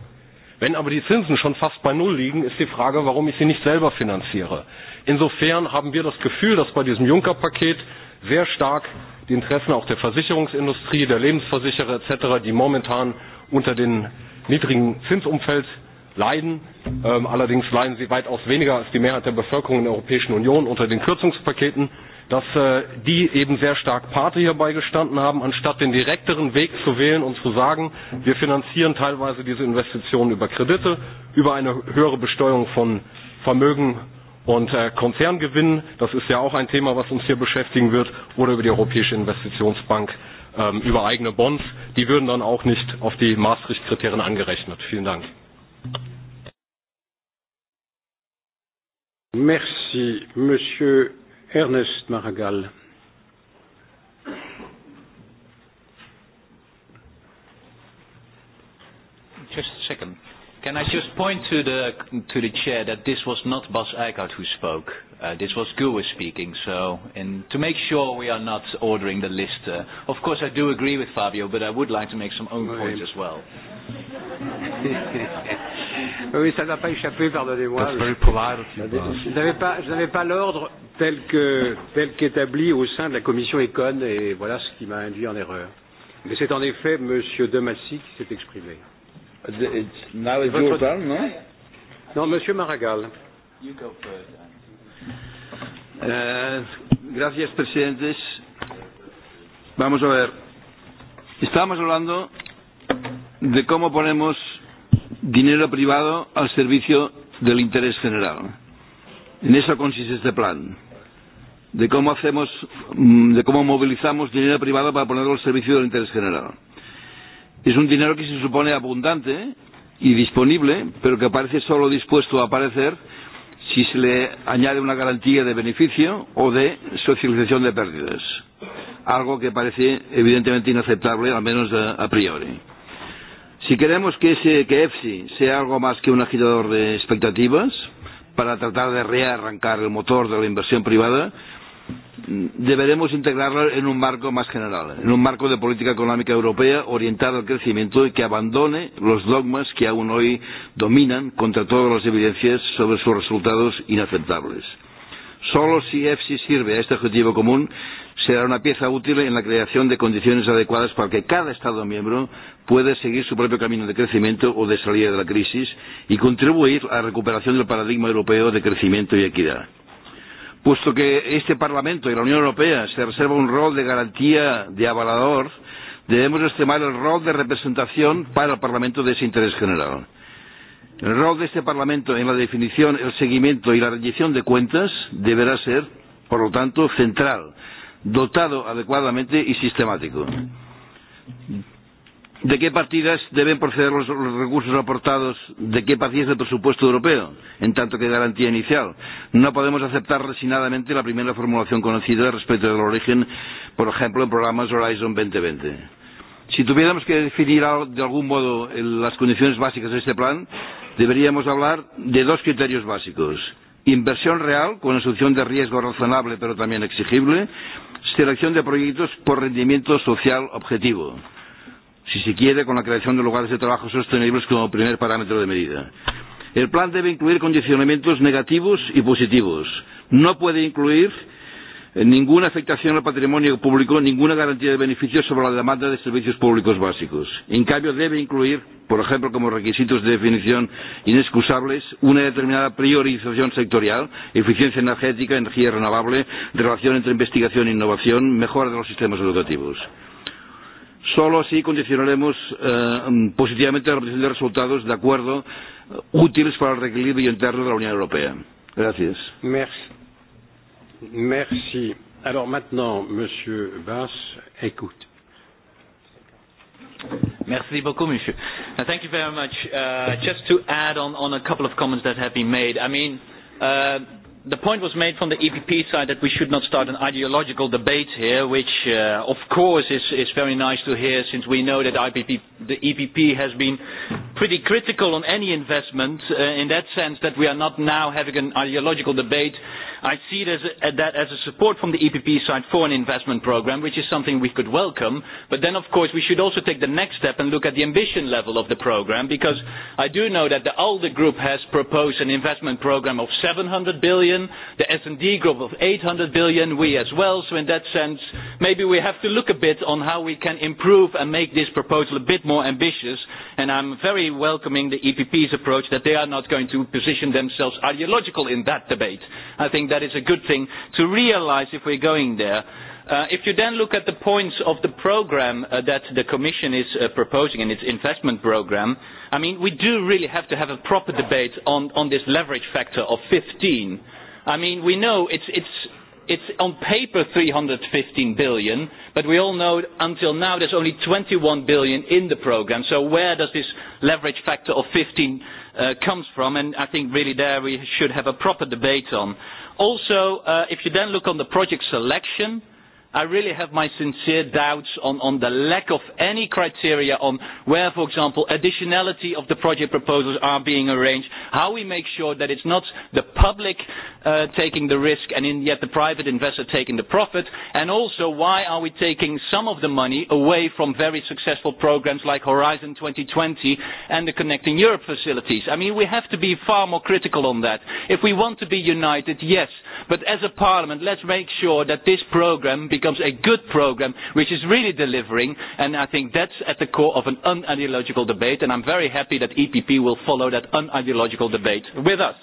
Wenn aber die Zinsen schon fast bei Null liegen, ist die Frage, warum ich sie nicht selber finanziere. Insofern haben wir das Gefühl, dass bei diesem Juncker-Paket sehr stark die Interessen auch der Versicherungsindustrie, der Lebensversicherer etc., die momentan unter dem niedrigen Zinsumfeld leiden. Ähm, allerdings leiden sie weitaus weniger als die Mehrheit der Bevölkerung in der Europäischen Union unter den Kürzungspaketen, dass äh, die eben sehr stark Pate hierbei gestanden haben, anstatt den direkteren Weg zu wählen und zu sagen, wir finanzieren teilweise diese Investitionen über Kredite, über eine höhere Besteuerung von Vermögen und äh, Konzerngewinnen, das ist ja auch ein Thema, was uns hier beschäftigen wird, oder über die Europäische Investitionsbank ähm, über eigene Bonds. Die würden dann auch nicht auf die Maastricht-Kriterien angerechnet. Vielen Dank. Merci, monsieur Ernest Maragall. Just a second. Can I just point to the to the chair that this was not Bas Eickhout who spoke. Uh, this was Gua speaking. So, and to make sure we are not ordering the list, uh, of course I do agree with Fabio, but I would like to make some own points as well. <laughs> Oui, ça n'a pas échappé, pardonnez-moi. Je n'avais pas, pas l'ordre tel que tel qu'établi au sein de la commission Econ et voilà ce qui m'a induit en erreur. Mais c'est en effet M. Demassi qui s'est exprimé. Uh, now it's Votre... your turn, non Non, M. Maragall. You go first. Eh, gracias, presidentes. Vamos a ver. Estamos hablando de cómo ponemos dinero privado al servicio del interés general. En eso consiste este plan, de cómo hacemos, mm, de cómo movilizamos dinero privado para ponerlo al servicio del interés general. Es un dinero que se supone abundante y disponible, pero que aparece solo dispuesto a aparecer si se le añade una garantía de beneficio o de socialización de pérdidas, algo que parece evidentemente inaceptable, al menos a, a priori. Si queremos que, ese, que EFSI sea algo más que un agitador de expectativas para tratar de rearrancar el motor de la inversión privada, deberemos integrarlo en un marco más general, en un marco de política económica europea orientada al crecimiento y que abandone los dogmas que aún hoy dominan contra todas las evidencias sobre sus resultados inaceptables. Solo si EFSI sirve a este objetivo común será una pieza útil en la creación de condiciones adecuadas para que cada Estado miembro pueda seguir su propio camino de crecimiento o de salida de la crisis y contribuir a la recuperación del paradigma europeo de crecimiento y equidad. Puesto que este Parlamento y la Unión Europea se reserva un rol de garantía de avalador, debemos extremar el rol de representación para el Parlamento de ese interés general. El rol de este Parlamento en la definición, el seguimiento y la rendición de cuentas deberá ser, por lo tanto, central dotado adecuadamente y sistemático. ¿De qué partidas deben proceder los, los recursos aportados? ¿De qué partidas del presupuesto europeo? En tanto que garantía inicial. No podemos aceptar resignadamente la primera formulación conocida respecto del origen, por ejemplo, en programas Horizon 2020. Si tuviéramos que definir de algún modo las condiciones básicas de este plan, deberíamos hablar de dos criterios básicos inversión real con asunción de riesgo razonable pero también exigible, selección de proyectos por rendimiento social objetivo, si se quiere con la creación de lugares de trabajo sostenibles como primer parámetro de medida. El plan debe incluir condicionamientos negativos y positivos. No puede incluir ninguna afectación al patrimonio público, ninguna garantía de beneficios sobre la demanda de servicios públicos básicos. En cambio, debe incluir, por ejemplo, como requisitos de definición inexcusables, una determinada priorización sectorial, eficiencia energética, energía renovable, relación entre investigación e innovación, mejora de los sistemas educativos. Solo así condicionaremos eh, positivamente la obtención de resultados de acuerdo útiles para el reequilibrio interno de la Unión Europea. Gracias. Merci. Merci. Alors maintenant, Monsieur Bass, écoute. Merci beaucoup, monsieur. Now, thank you very much. Uh, just to add on, on a couple of comments that have been made. I mean, uh, the point was made from the EPP side that we should not start an ideological debate here, which uh, of course is, is very nice to hear since we know that IPP, the EPP has been pretty critical on any investment uh, in that sense that we are not now having an ideological debate. I see it as a, uh, that as a support from the EPP side for an investment program, which is something we could welcome. But then of course we should also take the next step and look at the ambition level of the program because I do know that the ALDE group has proposed an investment program of 700 billion billion, the S&D group of 800 billion, we as well. So in that sense, maybe we have to look a bit on how we can improve and make this proposal a bit more ambitious. And I'm very welcoming the EPP's approach that they are not going to position themselves ideological in that debate. I think that is a good thing to realize if we're going there. Uh, if you then look at the points of the program uh, that the Commission is uh, proposing in its investment program, I mean, we do really have to have a proper debate on, on this leverage factor of 15 i mean, we know it's, it's, it's on paper 315 billion, but we all know until now there's only 21 billion in the program. So where does this leverage factor of 15 uh, comes from? And I think really there we should have a proper debate on. Also, uh, if you then look on the project selection, uh, i really have my sincere doubts on, on the lack of any criteria on where, for example, additionality of the project proposals are being arranged, how we make sure that it's not the public uh, taking the risk and in, yet the private investor taking the profit, and also why are we taking some of the money away from very successful programs like Horizon 2020 and the Connecting Europe facilities. I mean, we have to be far more critical on that. If we want to be united, yes, but as a parliament, let's make sure that this program, because becomes a good program which is really delivering. And I think that's at the core of an unideological debate. And I'm very happy that EPP will follow that unideological debate with us.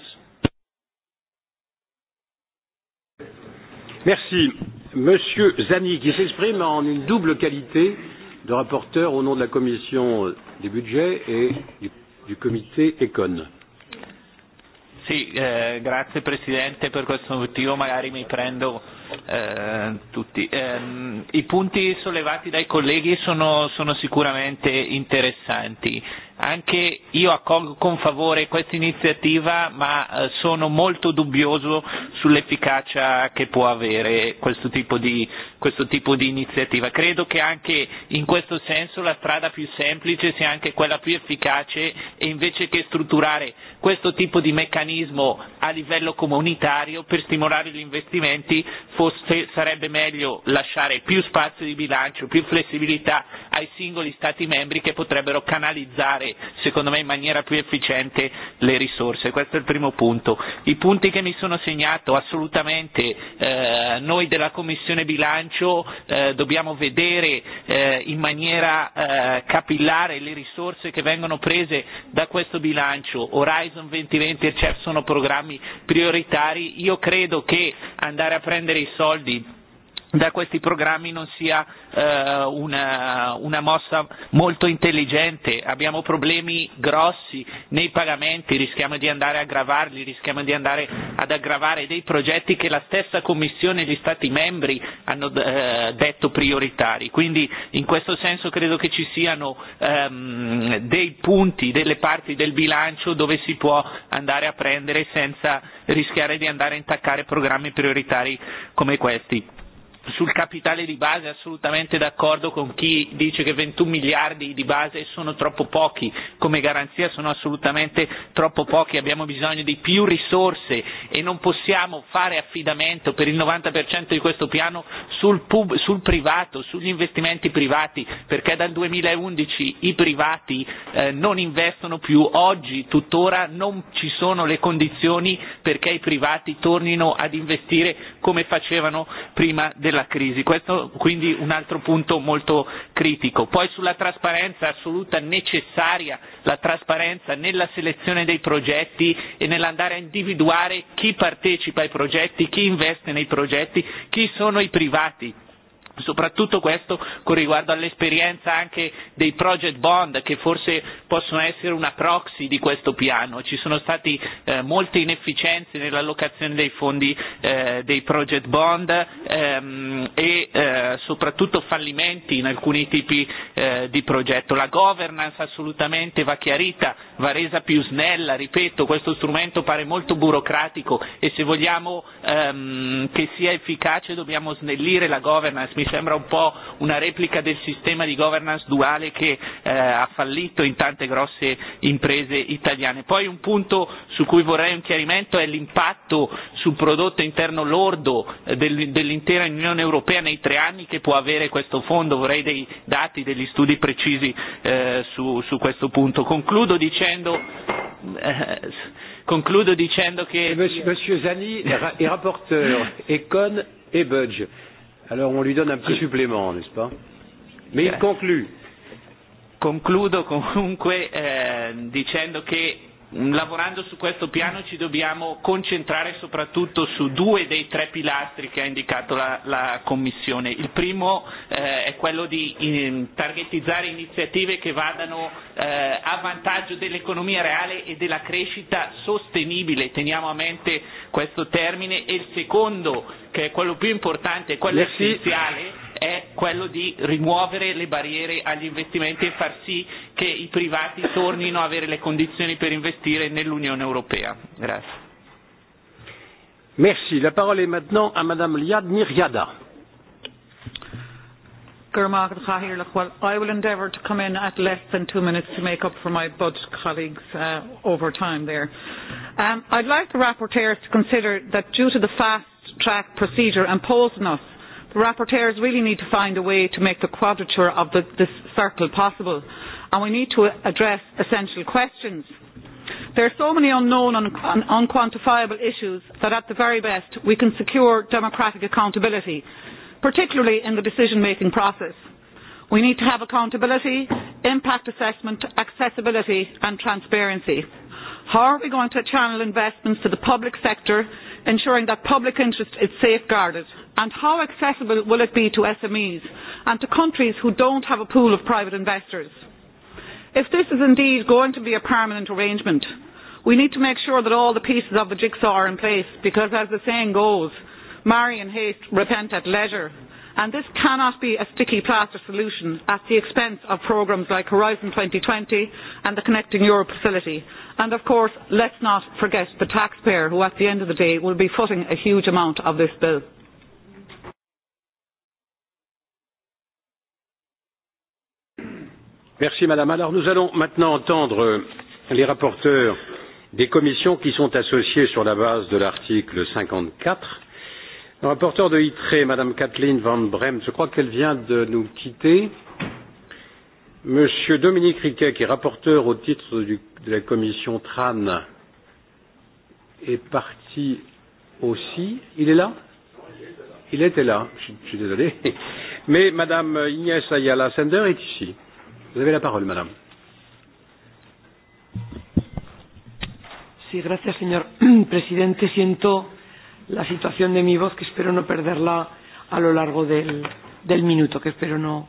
Merci. Monsieur Zani, qui s'exprime en une double qualité de rapporteur au nom de la commission euh, des budgets et du, du comité Econ. Sì, eh, grazie Presidente, per questo motivo magari mi prendo eh, tutti. Eh, I punti sollevati dai colleghi sono, sono sicuramente interessanti. Anche io accolgo con favore questa iniziativa, ma eh, sono molto dubbioso sull'efficacia che può avere questo tipo, di, questo tipo di iniziativa. Credo che anche in questo senso la strada più semplice sia anche quella più efficace e invece che strutturare questo tipo di meccanismo a livello comunitario per stimolare gli investimenti fosse, sarebbe meglio lasciare più spazio di bilancio, più flessibilità ai singoli Stati membri che potrebbero canalizzare secondo me in maniera più efficiente le risorse. Questo è il primo punto. I punti che mi sono segnato assolutamente eh, noi della Commissione bilancio eh, dobbiamo vedere eh, in maniera eh, capillare le risorse che vengono prese da questo bilancio. Horizon 2020 e CEF sono programmi prioritari. Io credo che andare a prendere i soldi da questi programmi non sia eh, una, una mossa molto intelligente. Abbiamo problemi grossi nei pagamenti, rischiamo di andare a aggravarli, rischiamo di andare ad aggravare dei progetti che la stessa Commissione e gli Stati membri hanno eh, detto prioritari. Quindi in questo senso credo che ci siano ehm, dei punti, delle parti del bilancio dove si può andare a prendere senza rischiare di andare a intaccare programmi prioritari come questi sul capitale di base assolutamente d'accordo con chi dice che 21 miliardi di base sono troppo pochi, come garanzia sono assolutamente troppo pochi, abbiamo bisogno di più risorse e non possiamo fare affidamento per il 90% di questo piano sul, pub, sul privato, sugli investimenti privati, perché dal 2011 i privati eh, non investono più, oggi tuttora non ci sono le condizioni perché i privati tornino ad investire come facevano prima del per la crisi. Questo quindi un altro punto molto critico. Poi sulla trasparenza assoluta necessaria, la trasparenza nella selezione dei progetti e nell'andare a individuare chi partecipa ai progetti, chi investe nei progetti, chi sono i privati Soprattutto questo con riguardo all'esperienza anche dei project bond che forse possono essere una proxy di questo piano. Ci sono state eh, molte inefficienze nell'allocazione dei fondi eh, dei project bond ehm, e eh, soprattutto fallimenti in alcuni tipi eh, di progetto. La governance assolutamente va chiarita, va resa più snella, ripeto, questo strumento pare molto burocratico e se vogliamo ehm, che sia efficace dobbiamo snellire la governance. Mi sembra un po' una replica del sistema di governance duale che eh, ha fallito in tante grosse imprese italiane. Poi un punto su cui vorrei un chiarimento è l'impatto sul prodotto interno lordo eh, dell'intera Unione Europea nei tre anni che può avere questo fondo, vorrei dei dati, degli studi precisi eh, su, su questo punto. Concludo dicendo eh, concludo dicendo che Monsieur, Monsieur Zani rapporteur Econ e Budge. Alors on lui donne un petit supplément, n'est-ce pas Mais il conclut. Concludo <laughs> comunque eh, dicendo che mm, lavorando su questo piano ci dobbiamo concentrare soprattutto su due dei tre pilastri che ha indicato la, la Commissione. Il primo eh, è quello di in, targetizzare iniziative che vadano eh, a vantaggio dell'economia reale e della crescita sostenibile, teniamo a mente questo termine, e il secondo che è quello più importante, quello Merci. essenziale, è quello di rimuovere le barriere agli investimenti e far sì che i privati tornino a avere le condizioni per investire nell'Unione Europea. Grazie. Merci. La parola è maintenant a Madame Liad Miriada. I will endeavour to come in at less than two minutes to make up for my budget colleagues uh, over time there. Um, I'd like the rapporteurs to consider that due to the fast track procedure and posing us. The rapporteurs really need to find a way to make the quadrature of the, this circle possible, and we need to address essential questions. There are so many unknown and unquantifiable issues that at the very best we can secure democratic accountability, particularly in the decision-making process. We need to have accountability, impact assessment, accessibility and transparency. How are we going to channel investments to the public sector, ensuring that public interest is safeguarded? And how accessible will it be to SMEs and to countries who don't have a pool of private investors? If this is indeed going to be a permanent arrangement, we need to make sure that all the pieces of the jigsaw are in place because, as the saying goes, marry in haste, repent at leisure and this cannot be a sticky plaster solution at the expense of programmes like Horizon 2020 and the Connecting Europe facility. And of course, let's not forget the taxpayer who at the end of the day will be footing a huge amount of this bill. Merci Madame. Alors nous allons maintenant entendre les rapporteurs des commissions qui sont associés sur la base de l'article 54 Le rapporteur de ITRE, Madame Kathleen Van Brem, je crois qu'elle vient de nous quitter. Monsieur Dominique Riquet, qui est rapporteur au titre du, de la commission TRAN, est parti aussi. Il est là Il était là, je, je suis désolé. Mais Madame Inès Ayala Sender est ici. Vous avez la parole, Madame. Sí, gracias, señor presidente. Siento la situación de mi voz, que espero no perderla a lo largo del, del minuto, que espero no.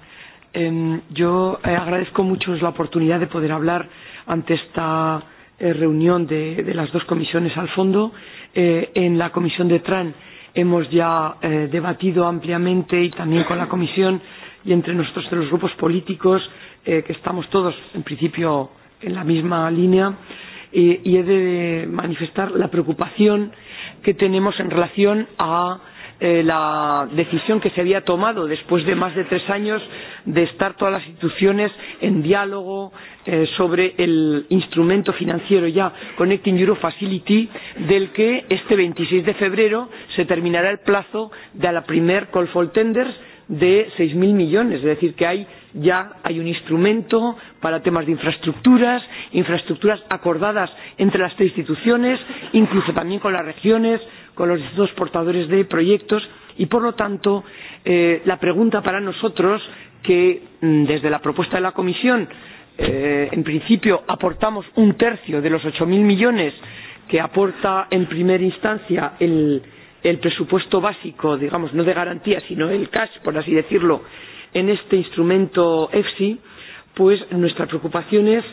Eh, yo eh, agradezco mucho la oportunidad de poder hablar ante esta eh, reunión de, de las dos comisiones al fondo. Eh, en la comisión de TRAN hemos ya eh, debatido ampliamente y también con la comisión y entre nosotros de los grupos políticos, eh, que estamos todos en principio en la misma línea, eh, y he de manifestar la preocupación que tenemos en relación a eh, la decisión que se había tomado después de más de tres años de estar todas las instituciones en diálogo eh, sobre el instrumento financiero ya Connecting Euro Facility, del que este 26 de febrero se terminará el plazo de la primer call for tenders de 6.000 millones. Es decir, que hay ya hay un instrumento para temas de infraestructuras, infraestructuras acordadas entre las tres instituciones, incluso también con las regiones, con los distintos portadores de proyectos y, por lo tanto, eh, la pregunta para nosotros que mm, desde la propuesta de la Comisión, eh, en principio, aportamos un tercio de los 8.000 millones que aporta en primera instancia el, el presupuesto básico, digamos, no de garantía, sino el cash, por así decirlo, en este instrumento EFSI, pues nuestra preocupación es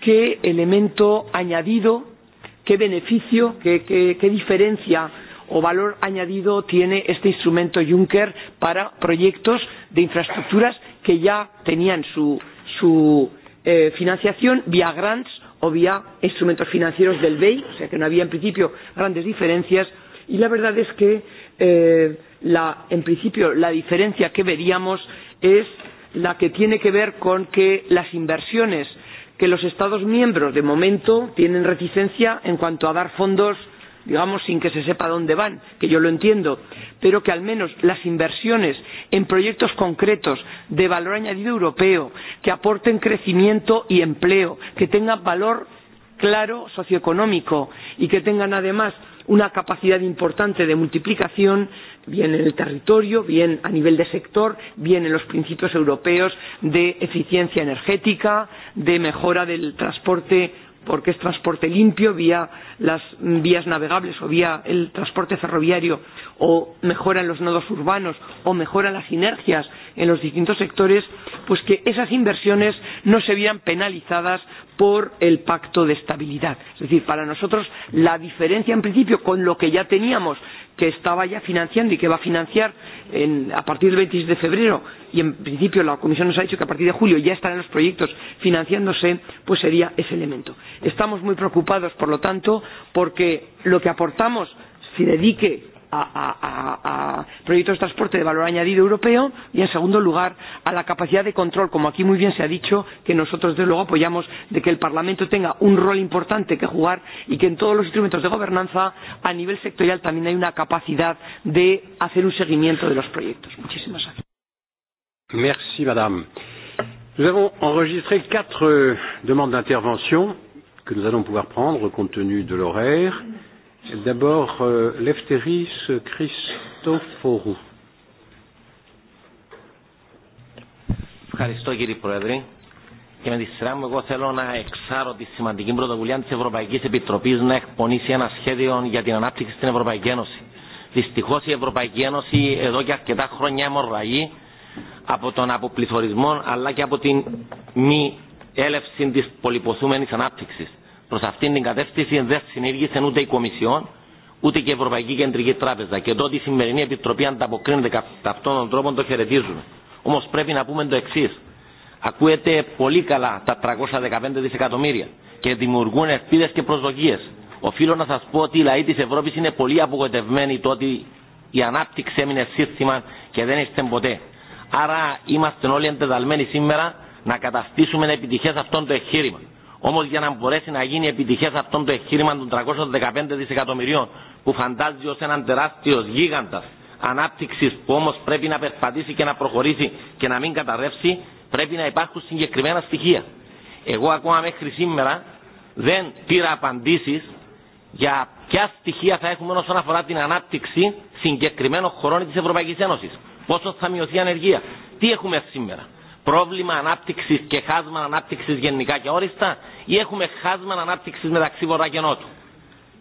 qué elemento añadido, qué beneficio, qué, qué, qué diferencia o valor añadido tiene este instrumento Juncker para proyectos de infraestructuras que ya tenían su, su eh, financiación vía grants o vía instrumentos financieros del BEI, o sea que no había en principio grandes diferencias y la verdad es que eh, la, en principio la diferencia que veríamos es la que tiene que ver con que las inversiones que los Estados miembros de momento tienen reticencia en cuanto a dar fondos, digamos, sin que se sepa dónde van, que yo lo entiendo, pero que al menos las inversiones en proyectos concretos de valor añadido europeo, que aporten crecimiento y empleo, que tengan valor claro socioeconómico y que tengan además una capacidad importante de multiplicación bien en el territorio, bien a nivel de sector, bien en los principios europeos de eficiencia energética, de mejora del transporte porque es transporte limpio vía las vías navegables o vía el transporte ferroviario o mejoran los nodos urbanos o mejoran las sinergias en los distintos sectores, pues que esas inversiones no se vieran penalizadas por el pacto de estabilidad. Es decir, para nosotros la diferencia en principio con lo que ya teníamos que estaba ya financiando y que va a financiar en, a partir del 26 de febrero y en principio la Comisión nos ha dicho que a partir de julio ya estarán los proyectos financiándose, pues sería ese elemento. Estamos muy preocupados, por lo tanto, porque lo que aportamos se dedique a, a, a a proyectos de transporte de valor añadido europeo y, en segundo lugar, a la capacidad de control, como aquí muy bien se ha dicho, que nosotros, desde luego, apoyamos de que el Parlamento tenga un rol importante que jugar y que en todos los instrumentos de gobernanza, a nivel sectorial, también hay una capacidad de hacer un seguimiento de los proyectos. Muchísimas gracias. Merci, madame. Nous avons enregistré quatre euh, demandes d'intervention que nous allons pouvoir prendre compte tenu de l'horaire. Merci D'abord, euh, Lefteris Christophorou. Ευχαριστώ κύριε Πρόεδρε. Και με τη σειρά μου, εγώ θέλω να εξάρω τη σημαντική πρωτοβουλία τη Ευρωπαϊκή Επιτροπή να εκπονήσει ένα σχέδιο για την ανάπτυξη στην Ευρωπαϊκή Ένωση. Δυστυχώ η Ευρωπαϊκή Ένωση εδώ και αρκετά χρόνια αιμορραγεί από τον αποπληθωρισμό αλλά και από την μη έλευση τη πολυποθούμενη ανάπτυξη προ αυτήν την κατεύθυνση δεν συνήργησε ούτε η Κομισιόν, ούτε και η Ευρωπαϊκή Κεντρική Τράπεζα. Και τότε η σημερινή Επιτροπή ανταποκρίνεται κατά αυτόν τον τρόπο το χαιρετίζουμε. Όμω πρέπει να πούμε το εξή. Ακούεται πολύ καλά τα 315 δισεκατομμύρια και δημιουργούν ελπίδε και προσδοκίε. Οφείλω να σα πω ότι οι λαοί τη Ευρώπη είναι πολύ απογοητευμένοι το ότι η ανάπτυξη έμεινε σύστημα και δεν ήρθε ποτέ. Άρα είμαστε όλοι εντεταλμένοι σήμερα να καταστήσουμε επιτυχέ αυτό το εγχείρημα. Όμω για να μπορέσει να γίνει επιτυχέ αυτό το εγχείρημα των 315 δισεκατομμυρίων που φαντάζει ω έναν τεράστιο γίγαντα ανάπτυξη που όμω πρέπει να περπατήσει και να προχωρήσει και να μην καταρρεύσει, πρέπει να υπάρχουν συγκεκριμένα στοιχεία. Εγώ ακόμα μέχρι σήμερα δεν πήρα απαντήσει για ποια στοιχεία θα έχουμε όσον αφορά την ανάπτυξη συγκεκριμένων χωρών τη Ευρωπαϊκή Ένωση. Πόσο θα μειωθεί η ανεργία. Τι έχουμε σήμερα πρόβλημα ανάπτυξη και χάσμα ανάπτυξη γενικά και όριστα ή έχουμε χάσμα ανάπτυξη μεταξύ βορρά και νότου.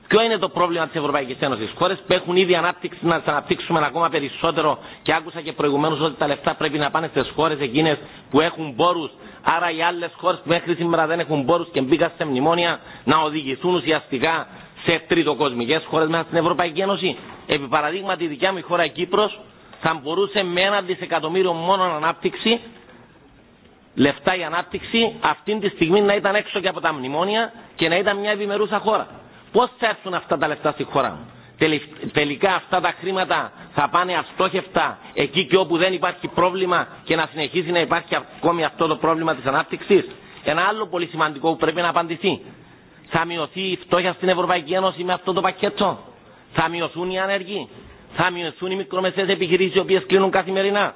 Ποιο είναι το πρόβλημα τη Ευρωπαϊκή Ένωση. Χώρε που έχουν ήδη ανάπτυξη να τι αναπτύξουμε ακόμα περισσότερο και άκουσα και προηγουμένω ότι τα λεφτά πρέπει να πάνε στι χώρε εκείνε που έχουν πόρου. Άρα οι άλλε χώρε που μέχρι σήμερα δεν έχουν πόρου και μπήκαν σε μνημόνια να οδηγηθούν ουσιαστικά σε τριτοκοσμικέ χώρε μέσα στην Ευρωπαϊκή Ένωση. Επί παραδείγματι, η δικιά μου χώρα Κύπρο θα μπορούσε με ένα δισεκατομμύριο μόνο ανάπτυξη λεφτά η ανάπτυξη αυτή τη στιγμή να ήταν έξω και από τα μνημόνια και να ήταν μια ευημερούσα χώρα. Πώ θα έρθουν αυτά τα λεφτά στη χώρα μου. Τελικά αυτά τα χρήματα θα πάνε αστόχευτα εκεί και όπου δεν υπάρχει πρόβλημα και να συνεχίσει να υπάρχει ακόμη αυτό το πρόβλημα τη ανάπτυξη. Ένα άλλο πολύ σημαντικό που πρέπει να απαντηθεί. Θα μειωθεί η φτώχεια στην Ευρωπαϊκή Ένωση με αυτό το πακέτο. Θα μειωθούν οι άνεργοι. Θα μειωθούν οι μικρομεσαίες επιχειρήσεις οι οποίες κλείνουν καθημερινά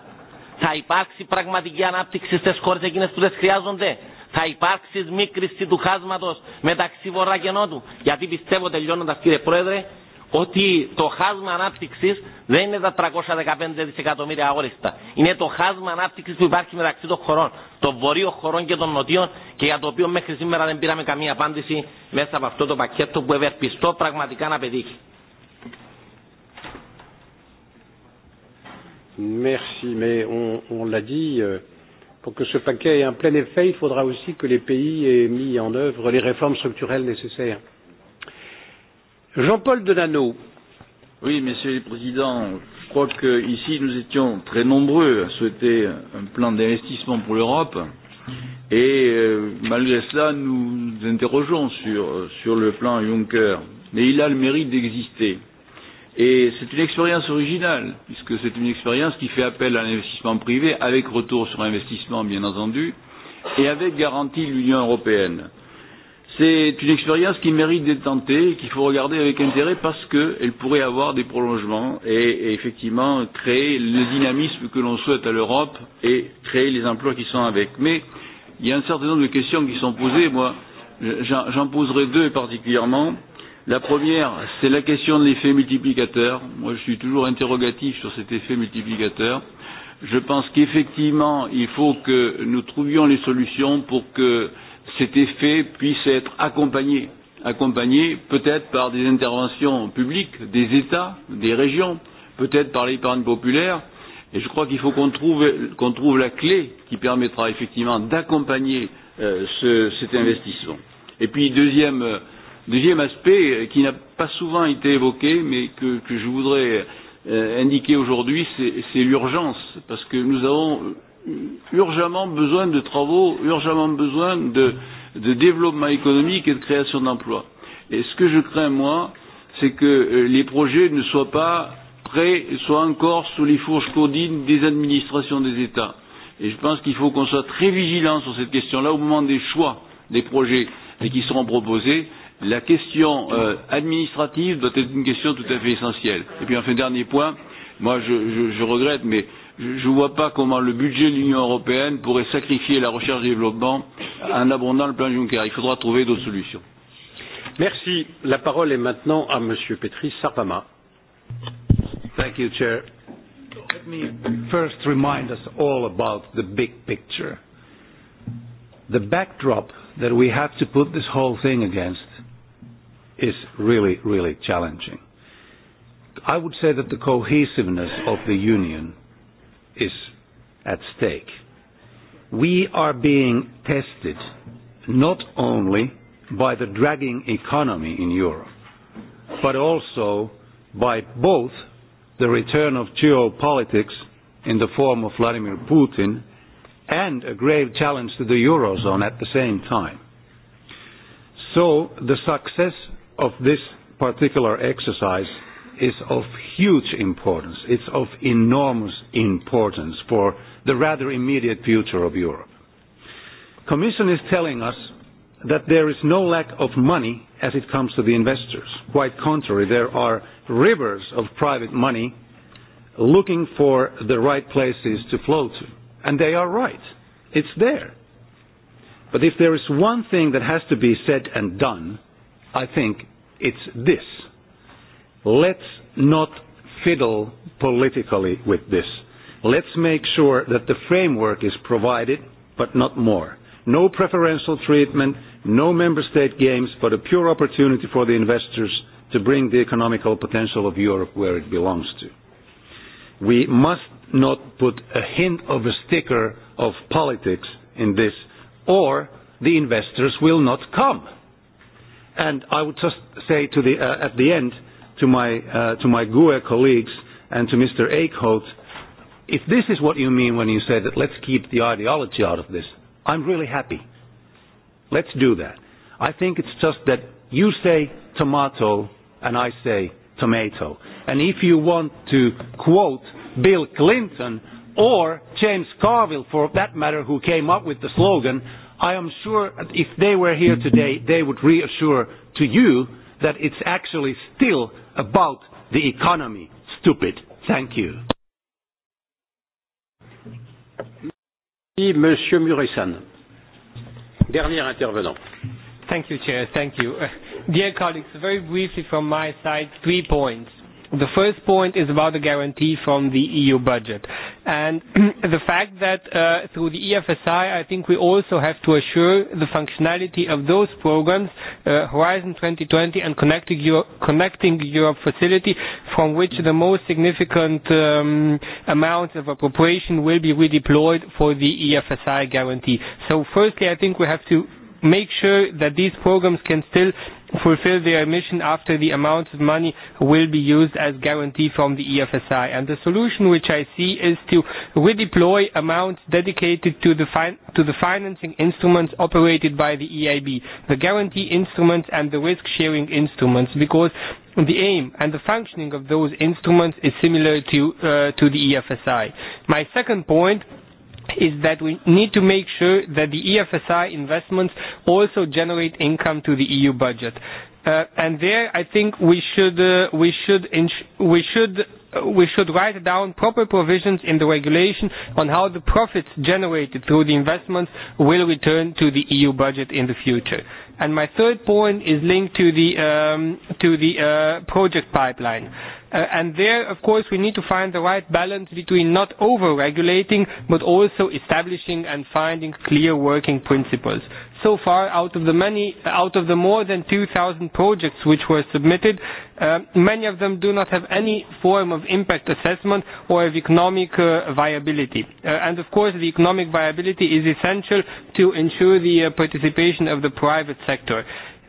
Θα υπάρξει πραγματική ανάπτυξη στι χώρε εκείνε που δεν χρειάζονται. Θα υπάρξει μίκριση του χάσματο μεταξύ βορρά και νότου. Γιατί πιστεύω τελειώνοντα κύριε Πρόεδρε ότι το χάσμα ανάπτυξη δεν είναι τα 315 δισεκατομμύρια αόριστα. Είναι το χάσμα ανάπτυξη που υπάρχει μεταξύ των χωρών, των βορείων χωρών και των νοτίων, και για το οποίο μέχρι σήμερα δεν πήραμε καμία απάντηση μέσα από αυτό το πακέτο που ευελπιστώ πραγματικά να πετύχει. Merci, mais on, on l'a dit, euh, pour que ce paquet ait un plein effet, il faudra aussi que les pays aient mis en œuvre les réformes structurelles nécessaires. Jean-Paul Denano. Oui, Monsieur le Président, je crois qu'ici nous étions très nombreux à souhaiter un plan d'investissement pour l'Europe et euh, malgré cela nous nous interrogeons sur, euh, sur le plan Juncker. Mais il a le mérite d'exister. Euh, Et c'est une expérience originale, puisque c'est une expérience qui fait appel à l'investissement privé, avec retour sur investissement, bien entendu, et avec garantie de l'Union européenne. C'est une expérience qui mérite d'être tentée et qu'il faut regarder avec intérêt parce qu'elle pourrait avoir des prolongements et, et effectivement créer le dynamisme que l'on souhaite à l'Europe et créer les emplois qui sont avec. Mais il y a un certain nombre de questions qui sont posées. Moi, j'en poserai deux particulièrement. Euh, La première, c'est la question de l'effet multiplicateur. Moi, je suis toujours interrogatif sur cet effet multiplicateur. Je pense qu'effectivement, il faut que nous trouvions les solutions pour que cet effet puisse être accompagné, accompagné peut-être par des interventions publiques des États, des régions, peut-être par l'épargne populaire. Et je crois qu'il faut qu'on trouve, qu trouve la clé qui permettra effectivement d'accompagner euh, ce, cet investissement. Et puis, deuxième euh, Deuxième aspect euh, qui n'a pas souvent été évoqué, mais que, que je voudrais euh, indiquer aujourd'hui, c'est l'urgence, parce que nous avons euh, urgemment besoin de travaux, urgemment besoin de, de développement économique et de création d'emplois. Et ce que je crains, moi, c'est que euh, les projets ne soient pas prêts, soient encore sous les fourches codines des administrations des États. Et je pense qu'il faut qu'on soit très vigilant sur cette question-là au moment des choix des projets qui seront proposés la question euh, administrative doit être une question tout à fait essentielle. Et puis enfin, dernier point, moi je, je, je regrette, mais je ne vois pas comment le budget de l'Union européenne pourrait sacrifier la recherche et le développement en abondant le plan Juncker. Il faudra trouver d'autres solutions. Merci. La parole est maintenant à Monsieur Petri Sarpama. Thank you, Chair. Let me first remind us all about the big picture. The backdrop that we have to put this whole thing against is really, really challenging. I would say that the cohesiveness of the union is at stake. We are being tested not only by the dragging economy in Europe, but also by both the return of geopolitics in the form of Vladimir Putin and a grave challenge to the Eurozone at the same time. So the success of this particular exercise is of huge importance. It's of enormous importance for the rather immediate future of Europe. Commission is telling us that there is no lack of money as it comes to the investors. Quite contrary, there are rivers of private money looking for the right places to flow to. And they are right. It's there. But if there is one thing that has to be said and done, i think it's this. Let's not fiddle politically with this. Let's make sure that the framework is provided, but not more. No preferential treatment, no member state games, but a pure opportunity for the investors to bring the economical potential of Europe where it belongs to. We must not put a hint of a sticker of politics in this, or the investors will not come. And I would just say to the, uh, at the end to my, uh, to my GUE colleagues and to Mr. Eichholt, if this is what you mean when you say that let's keep the ideology out of this, I'm really happy. Let's do that. I think it's just that you say tomato and I say tomato. And if you want to quote Bill Clinton or James Carville for that matter who came up with the slogan, i am sure that if they were here today, they would reassure to you that it's actually still about the economy. Stupid. Thank you. Monsieur Murison. Dernier intervenant. Thank you, Chair. Thank you. Uh, dear colleagues, very briefly from my side, three points. The first point is about the guarantee from the EU budget. And <clears throat> the fact that uh, through the EFSI, I think we also have to assure the functionality of those programs, uh, Horizon 2020 and Connecting Europe, Connecting Europe Facility, from which the most significant um, amounts of appropriation will be redeployed for the EFSI guarantee. So firstly, I think we have to make sure that these programs can still fulfill their mission after the amount of money will be used as guarantee from the EFSI. And the solution which I see is to redeploy amounts dedicated to the, fin to the financing instruments operated by the EIB, the guarantee instruments and the risk-sharing instruments, because the aim and the functioning of those instruments is similar to, uh, to the EFSI. My second point is that we need to make sure that the EFSI investments also generate income to the EU budget. Uh, and there, I think we should uh, we should we should uh, we should write down proper provisions in the regulation on how the profits generated through the investments will return to the EU budget in the future. And my third point is linked to the um, to the uh, project pipeline. Uh, Uh, and there, of course, we need to find the right balance between not over-regulating, but also establishing and finding clear working principles. So far, out of the many, out of the more than 2,000 projects which were submitted, uh, many of them do not have any form of impact assessment or of economic uh, viability. Uh, and of course, the economic viability is essential to ensure the uh, participation of the private sector.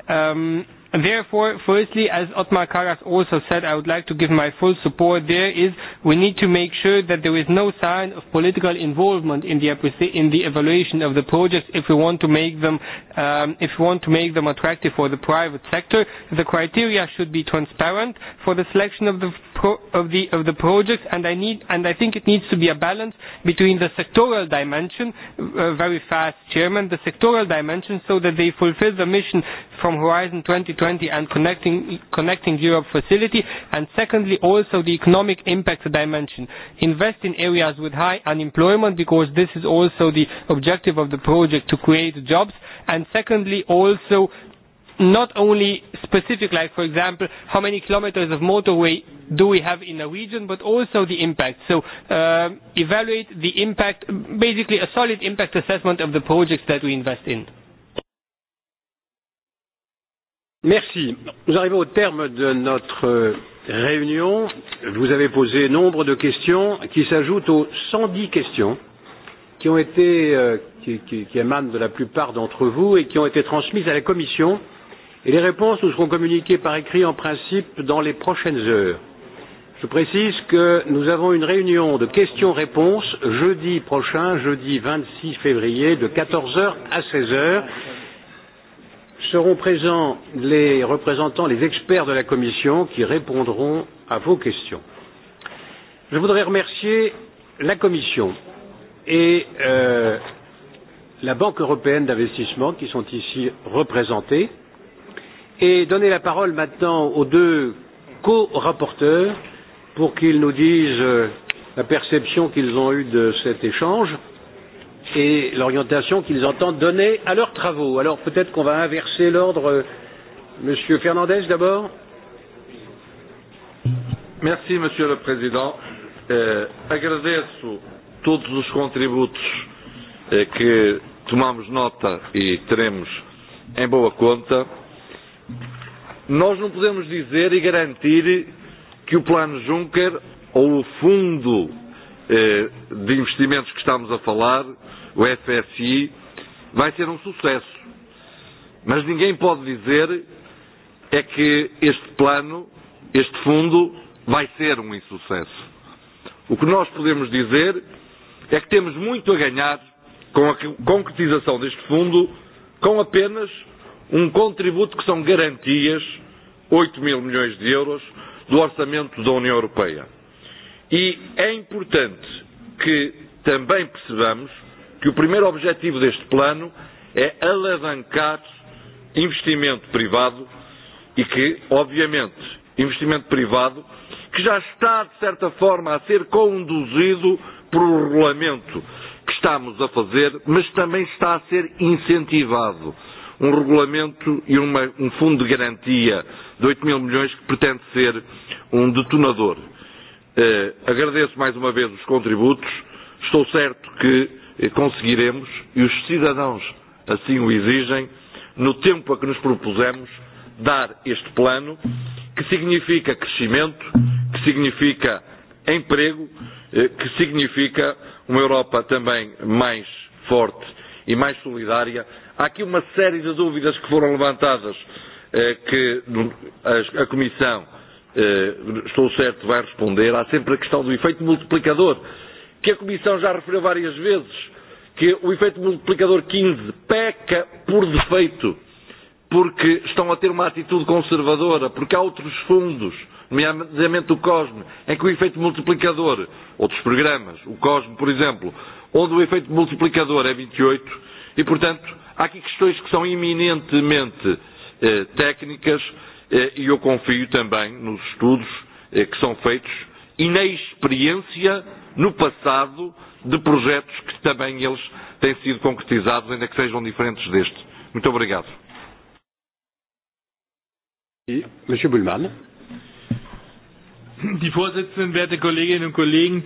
Um, And therefore, firstly, as Otmar Karas also said, I would like to give my full support. There is, we need to make sure that there is no sign of political involvement in the, in the evaluation of the projects if we want to make them, um, if we want to make them attractive for the private sector. The criteria should be transparent for the selection of the, pro of the, of the projects, and I need, and I think it needs to be a balance between the sectoral dimension, uh, very fast, Chairman, the sectoral dimension, so that they fulfill the mission from Horizon 2020 2020 and Connecting, Connecting Europe facility, and secondly, also the economic impact dimension. Invest in areas with high unemployment because this is also the objective of the project to create jobs, and secondly, also not only specific, like for example, how many kilometers of motorway do we have in a region, but also the impact. So uh, evaluate the impact, basically a solid impact assessment of the projects that we invest in. Merci. Nous arrivons au terme de notre euh, réunion. Vous avez posé nombre de questions qui s'ajoutent aux 110 questions qui ont été euh, qui, qui, qui émanent de la plupart d'entre vous et qui ont été transmises à la Commission et les réponses nous seront communiquées par écrit en principe dans les prochaines heures. Je précise que nous avons une réunion de questions-réponses jeudi prochain, jeudi 26 février, de 14h à 16h seront présents les représentants, les experts de la Commission qui répondront à vos questions. Je voudrais remercier la Commission et euh, la Banque européenne d'investissement qui sont ici représentés et donner la parole maintenant aux deux co-rapporteurs pour qu'ils nous disent euh, la perception qu'ils ont eue de cet échange et l'orientation qu'ils entendent donner à leurs travaux. Alors peut-être qu'on va inverser l'ordre. Euh, Monsieur Fernandez d'abord. Merci, Monsieur le Président. Eh, agradeço todos os contributos eh, que tomamos nota e teremos em boa conta. Nós não podemos dizer e garantir que o Plano Juncker ou o Fundo eh, de Investimentos que estamos a falar o FSI, vai ser um sucesso. Mas ninguém pode dizer é que este plano, este fundo, vai ser um insucesso. O que nós podemos dizer é que temos muito a ganhar com a concretização deste fundo, com apenas um contributo que são garantias, 8 mil milhões de euros, do orçamento da União Europeia. E é importante que também percebamos que o primeiro objetivo deste plano é alavancar investimento privado e que, obviamente, investimento privado que já está, de certa forma, a ser conduzido por o um regulamento que estamos a fazer, mas também está a ser incentivado. Um regulamento e uma, um fundo de garantia de 8 mil milhões que pretende ser um detonador. Uh, agradeço mais uma vez os contributos. Estou certo que E conseguiremos, e os cidadãos assim o exigem, no tempo a que nos propusemos, dar este plano, que significa crescimento, que significa emprego, eh, que significa uma Europa também mais forte e mais solidária. Há aqui uma série de dúvidas que foram levantadas eh, que no, a Comissão, eh, estou certo, vai responder. Há sempre a questão do efeito multiplicador que a Comissão já referiu várias vezes, que o efeito multiplicador 15 peca por defeito, porque estão a ter uma atitude conservadora, porque há outros fundos, nomeadamente o COSME, em que o efeito multiplicador, outros programas, o COSME, por exemplo, onde o efeito multiplicador é 28, e, e, portanto, há aqui questões que são eminentemente eh, técnicas eh, e eu confio também nos estudos eh, que são feitos e na experiência no passado de projetos que também eles têm sido concretizados, ainda que sejam diferentes deste. Muito obrigado. E, Sr. Bullmann. Die Vorsitzenden, werte Kolleginnen und Kollegen,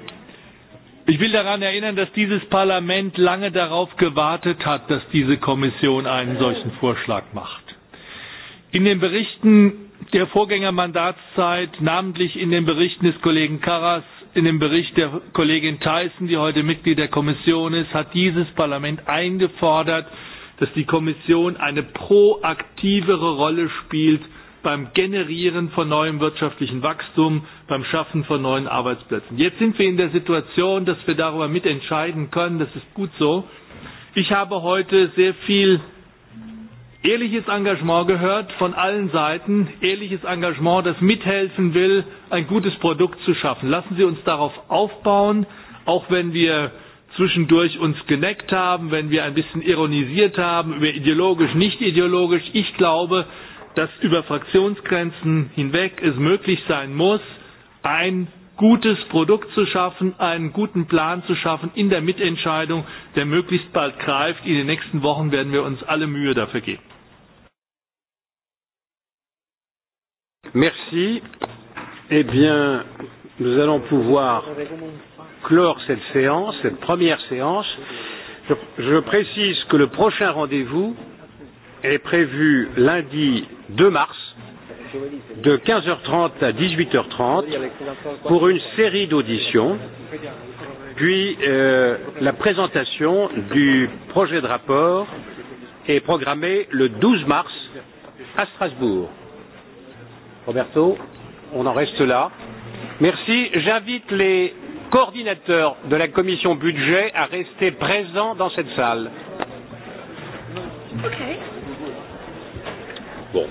ich will daran erinnern, dass dieses Parlament lange darauf gewartet hat, dass diese Kommission einen solchen Vorschlag macht. In den Berichten der Vorgängermandatszeit, namentlich in den Berichten des Kollegen Karas in dem Bericht der Kollegin Thyssen, die heute Mitglied der Kommission ist, hat dieses Parlament eingefordert, dass die Kommission eine proaktivere Rolle spielt beim Generieren von neuem wirtschaftlichen Wachstum, beim Schaffen von neuen Arbeitsplätzen. Jetzt sind wir in der Situation, dass wir darüber mitentscheiden können. Das ist gut so. Ich habe heute sehr viel ehrliches Engagement gehört von allen Seiten, ehrliches Engagement, das mithelfen will, ein gutes Produkt zu schaffen. Lassen Sie uns darauf aufbauen, auch wenn wir zwischendurch uns geneckt haben, wenn wir ein bisschen ironisiert haben über ideologisch, nicht ideologisch. Ich glaube, dass über Fraktionsgrenzen hinweg es möglich sein muss, ein gutes Produkt zu schaffen, einen guten Plan zu schaffen in der Mitentscheidung, der möglichst bald greift. In den nächsten Wochen werden wir uns alle Mühe dafür geben. Merci. Eh bien, nous allons pouvoir clore cette séance, cette première séance. Je, je précise que le prochain rendez-vous est prévu lundi 2 mars de 15h30 à 18h30 pour une série d'auditions, puis euh, la présentation du projet de rapport est programmée le 12 mars à Strasbourg. Roberto, on en reste là. Merci. J'invite les coordinateurs de la commission budget à rester présents dans cette salle. Okay. Bon.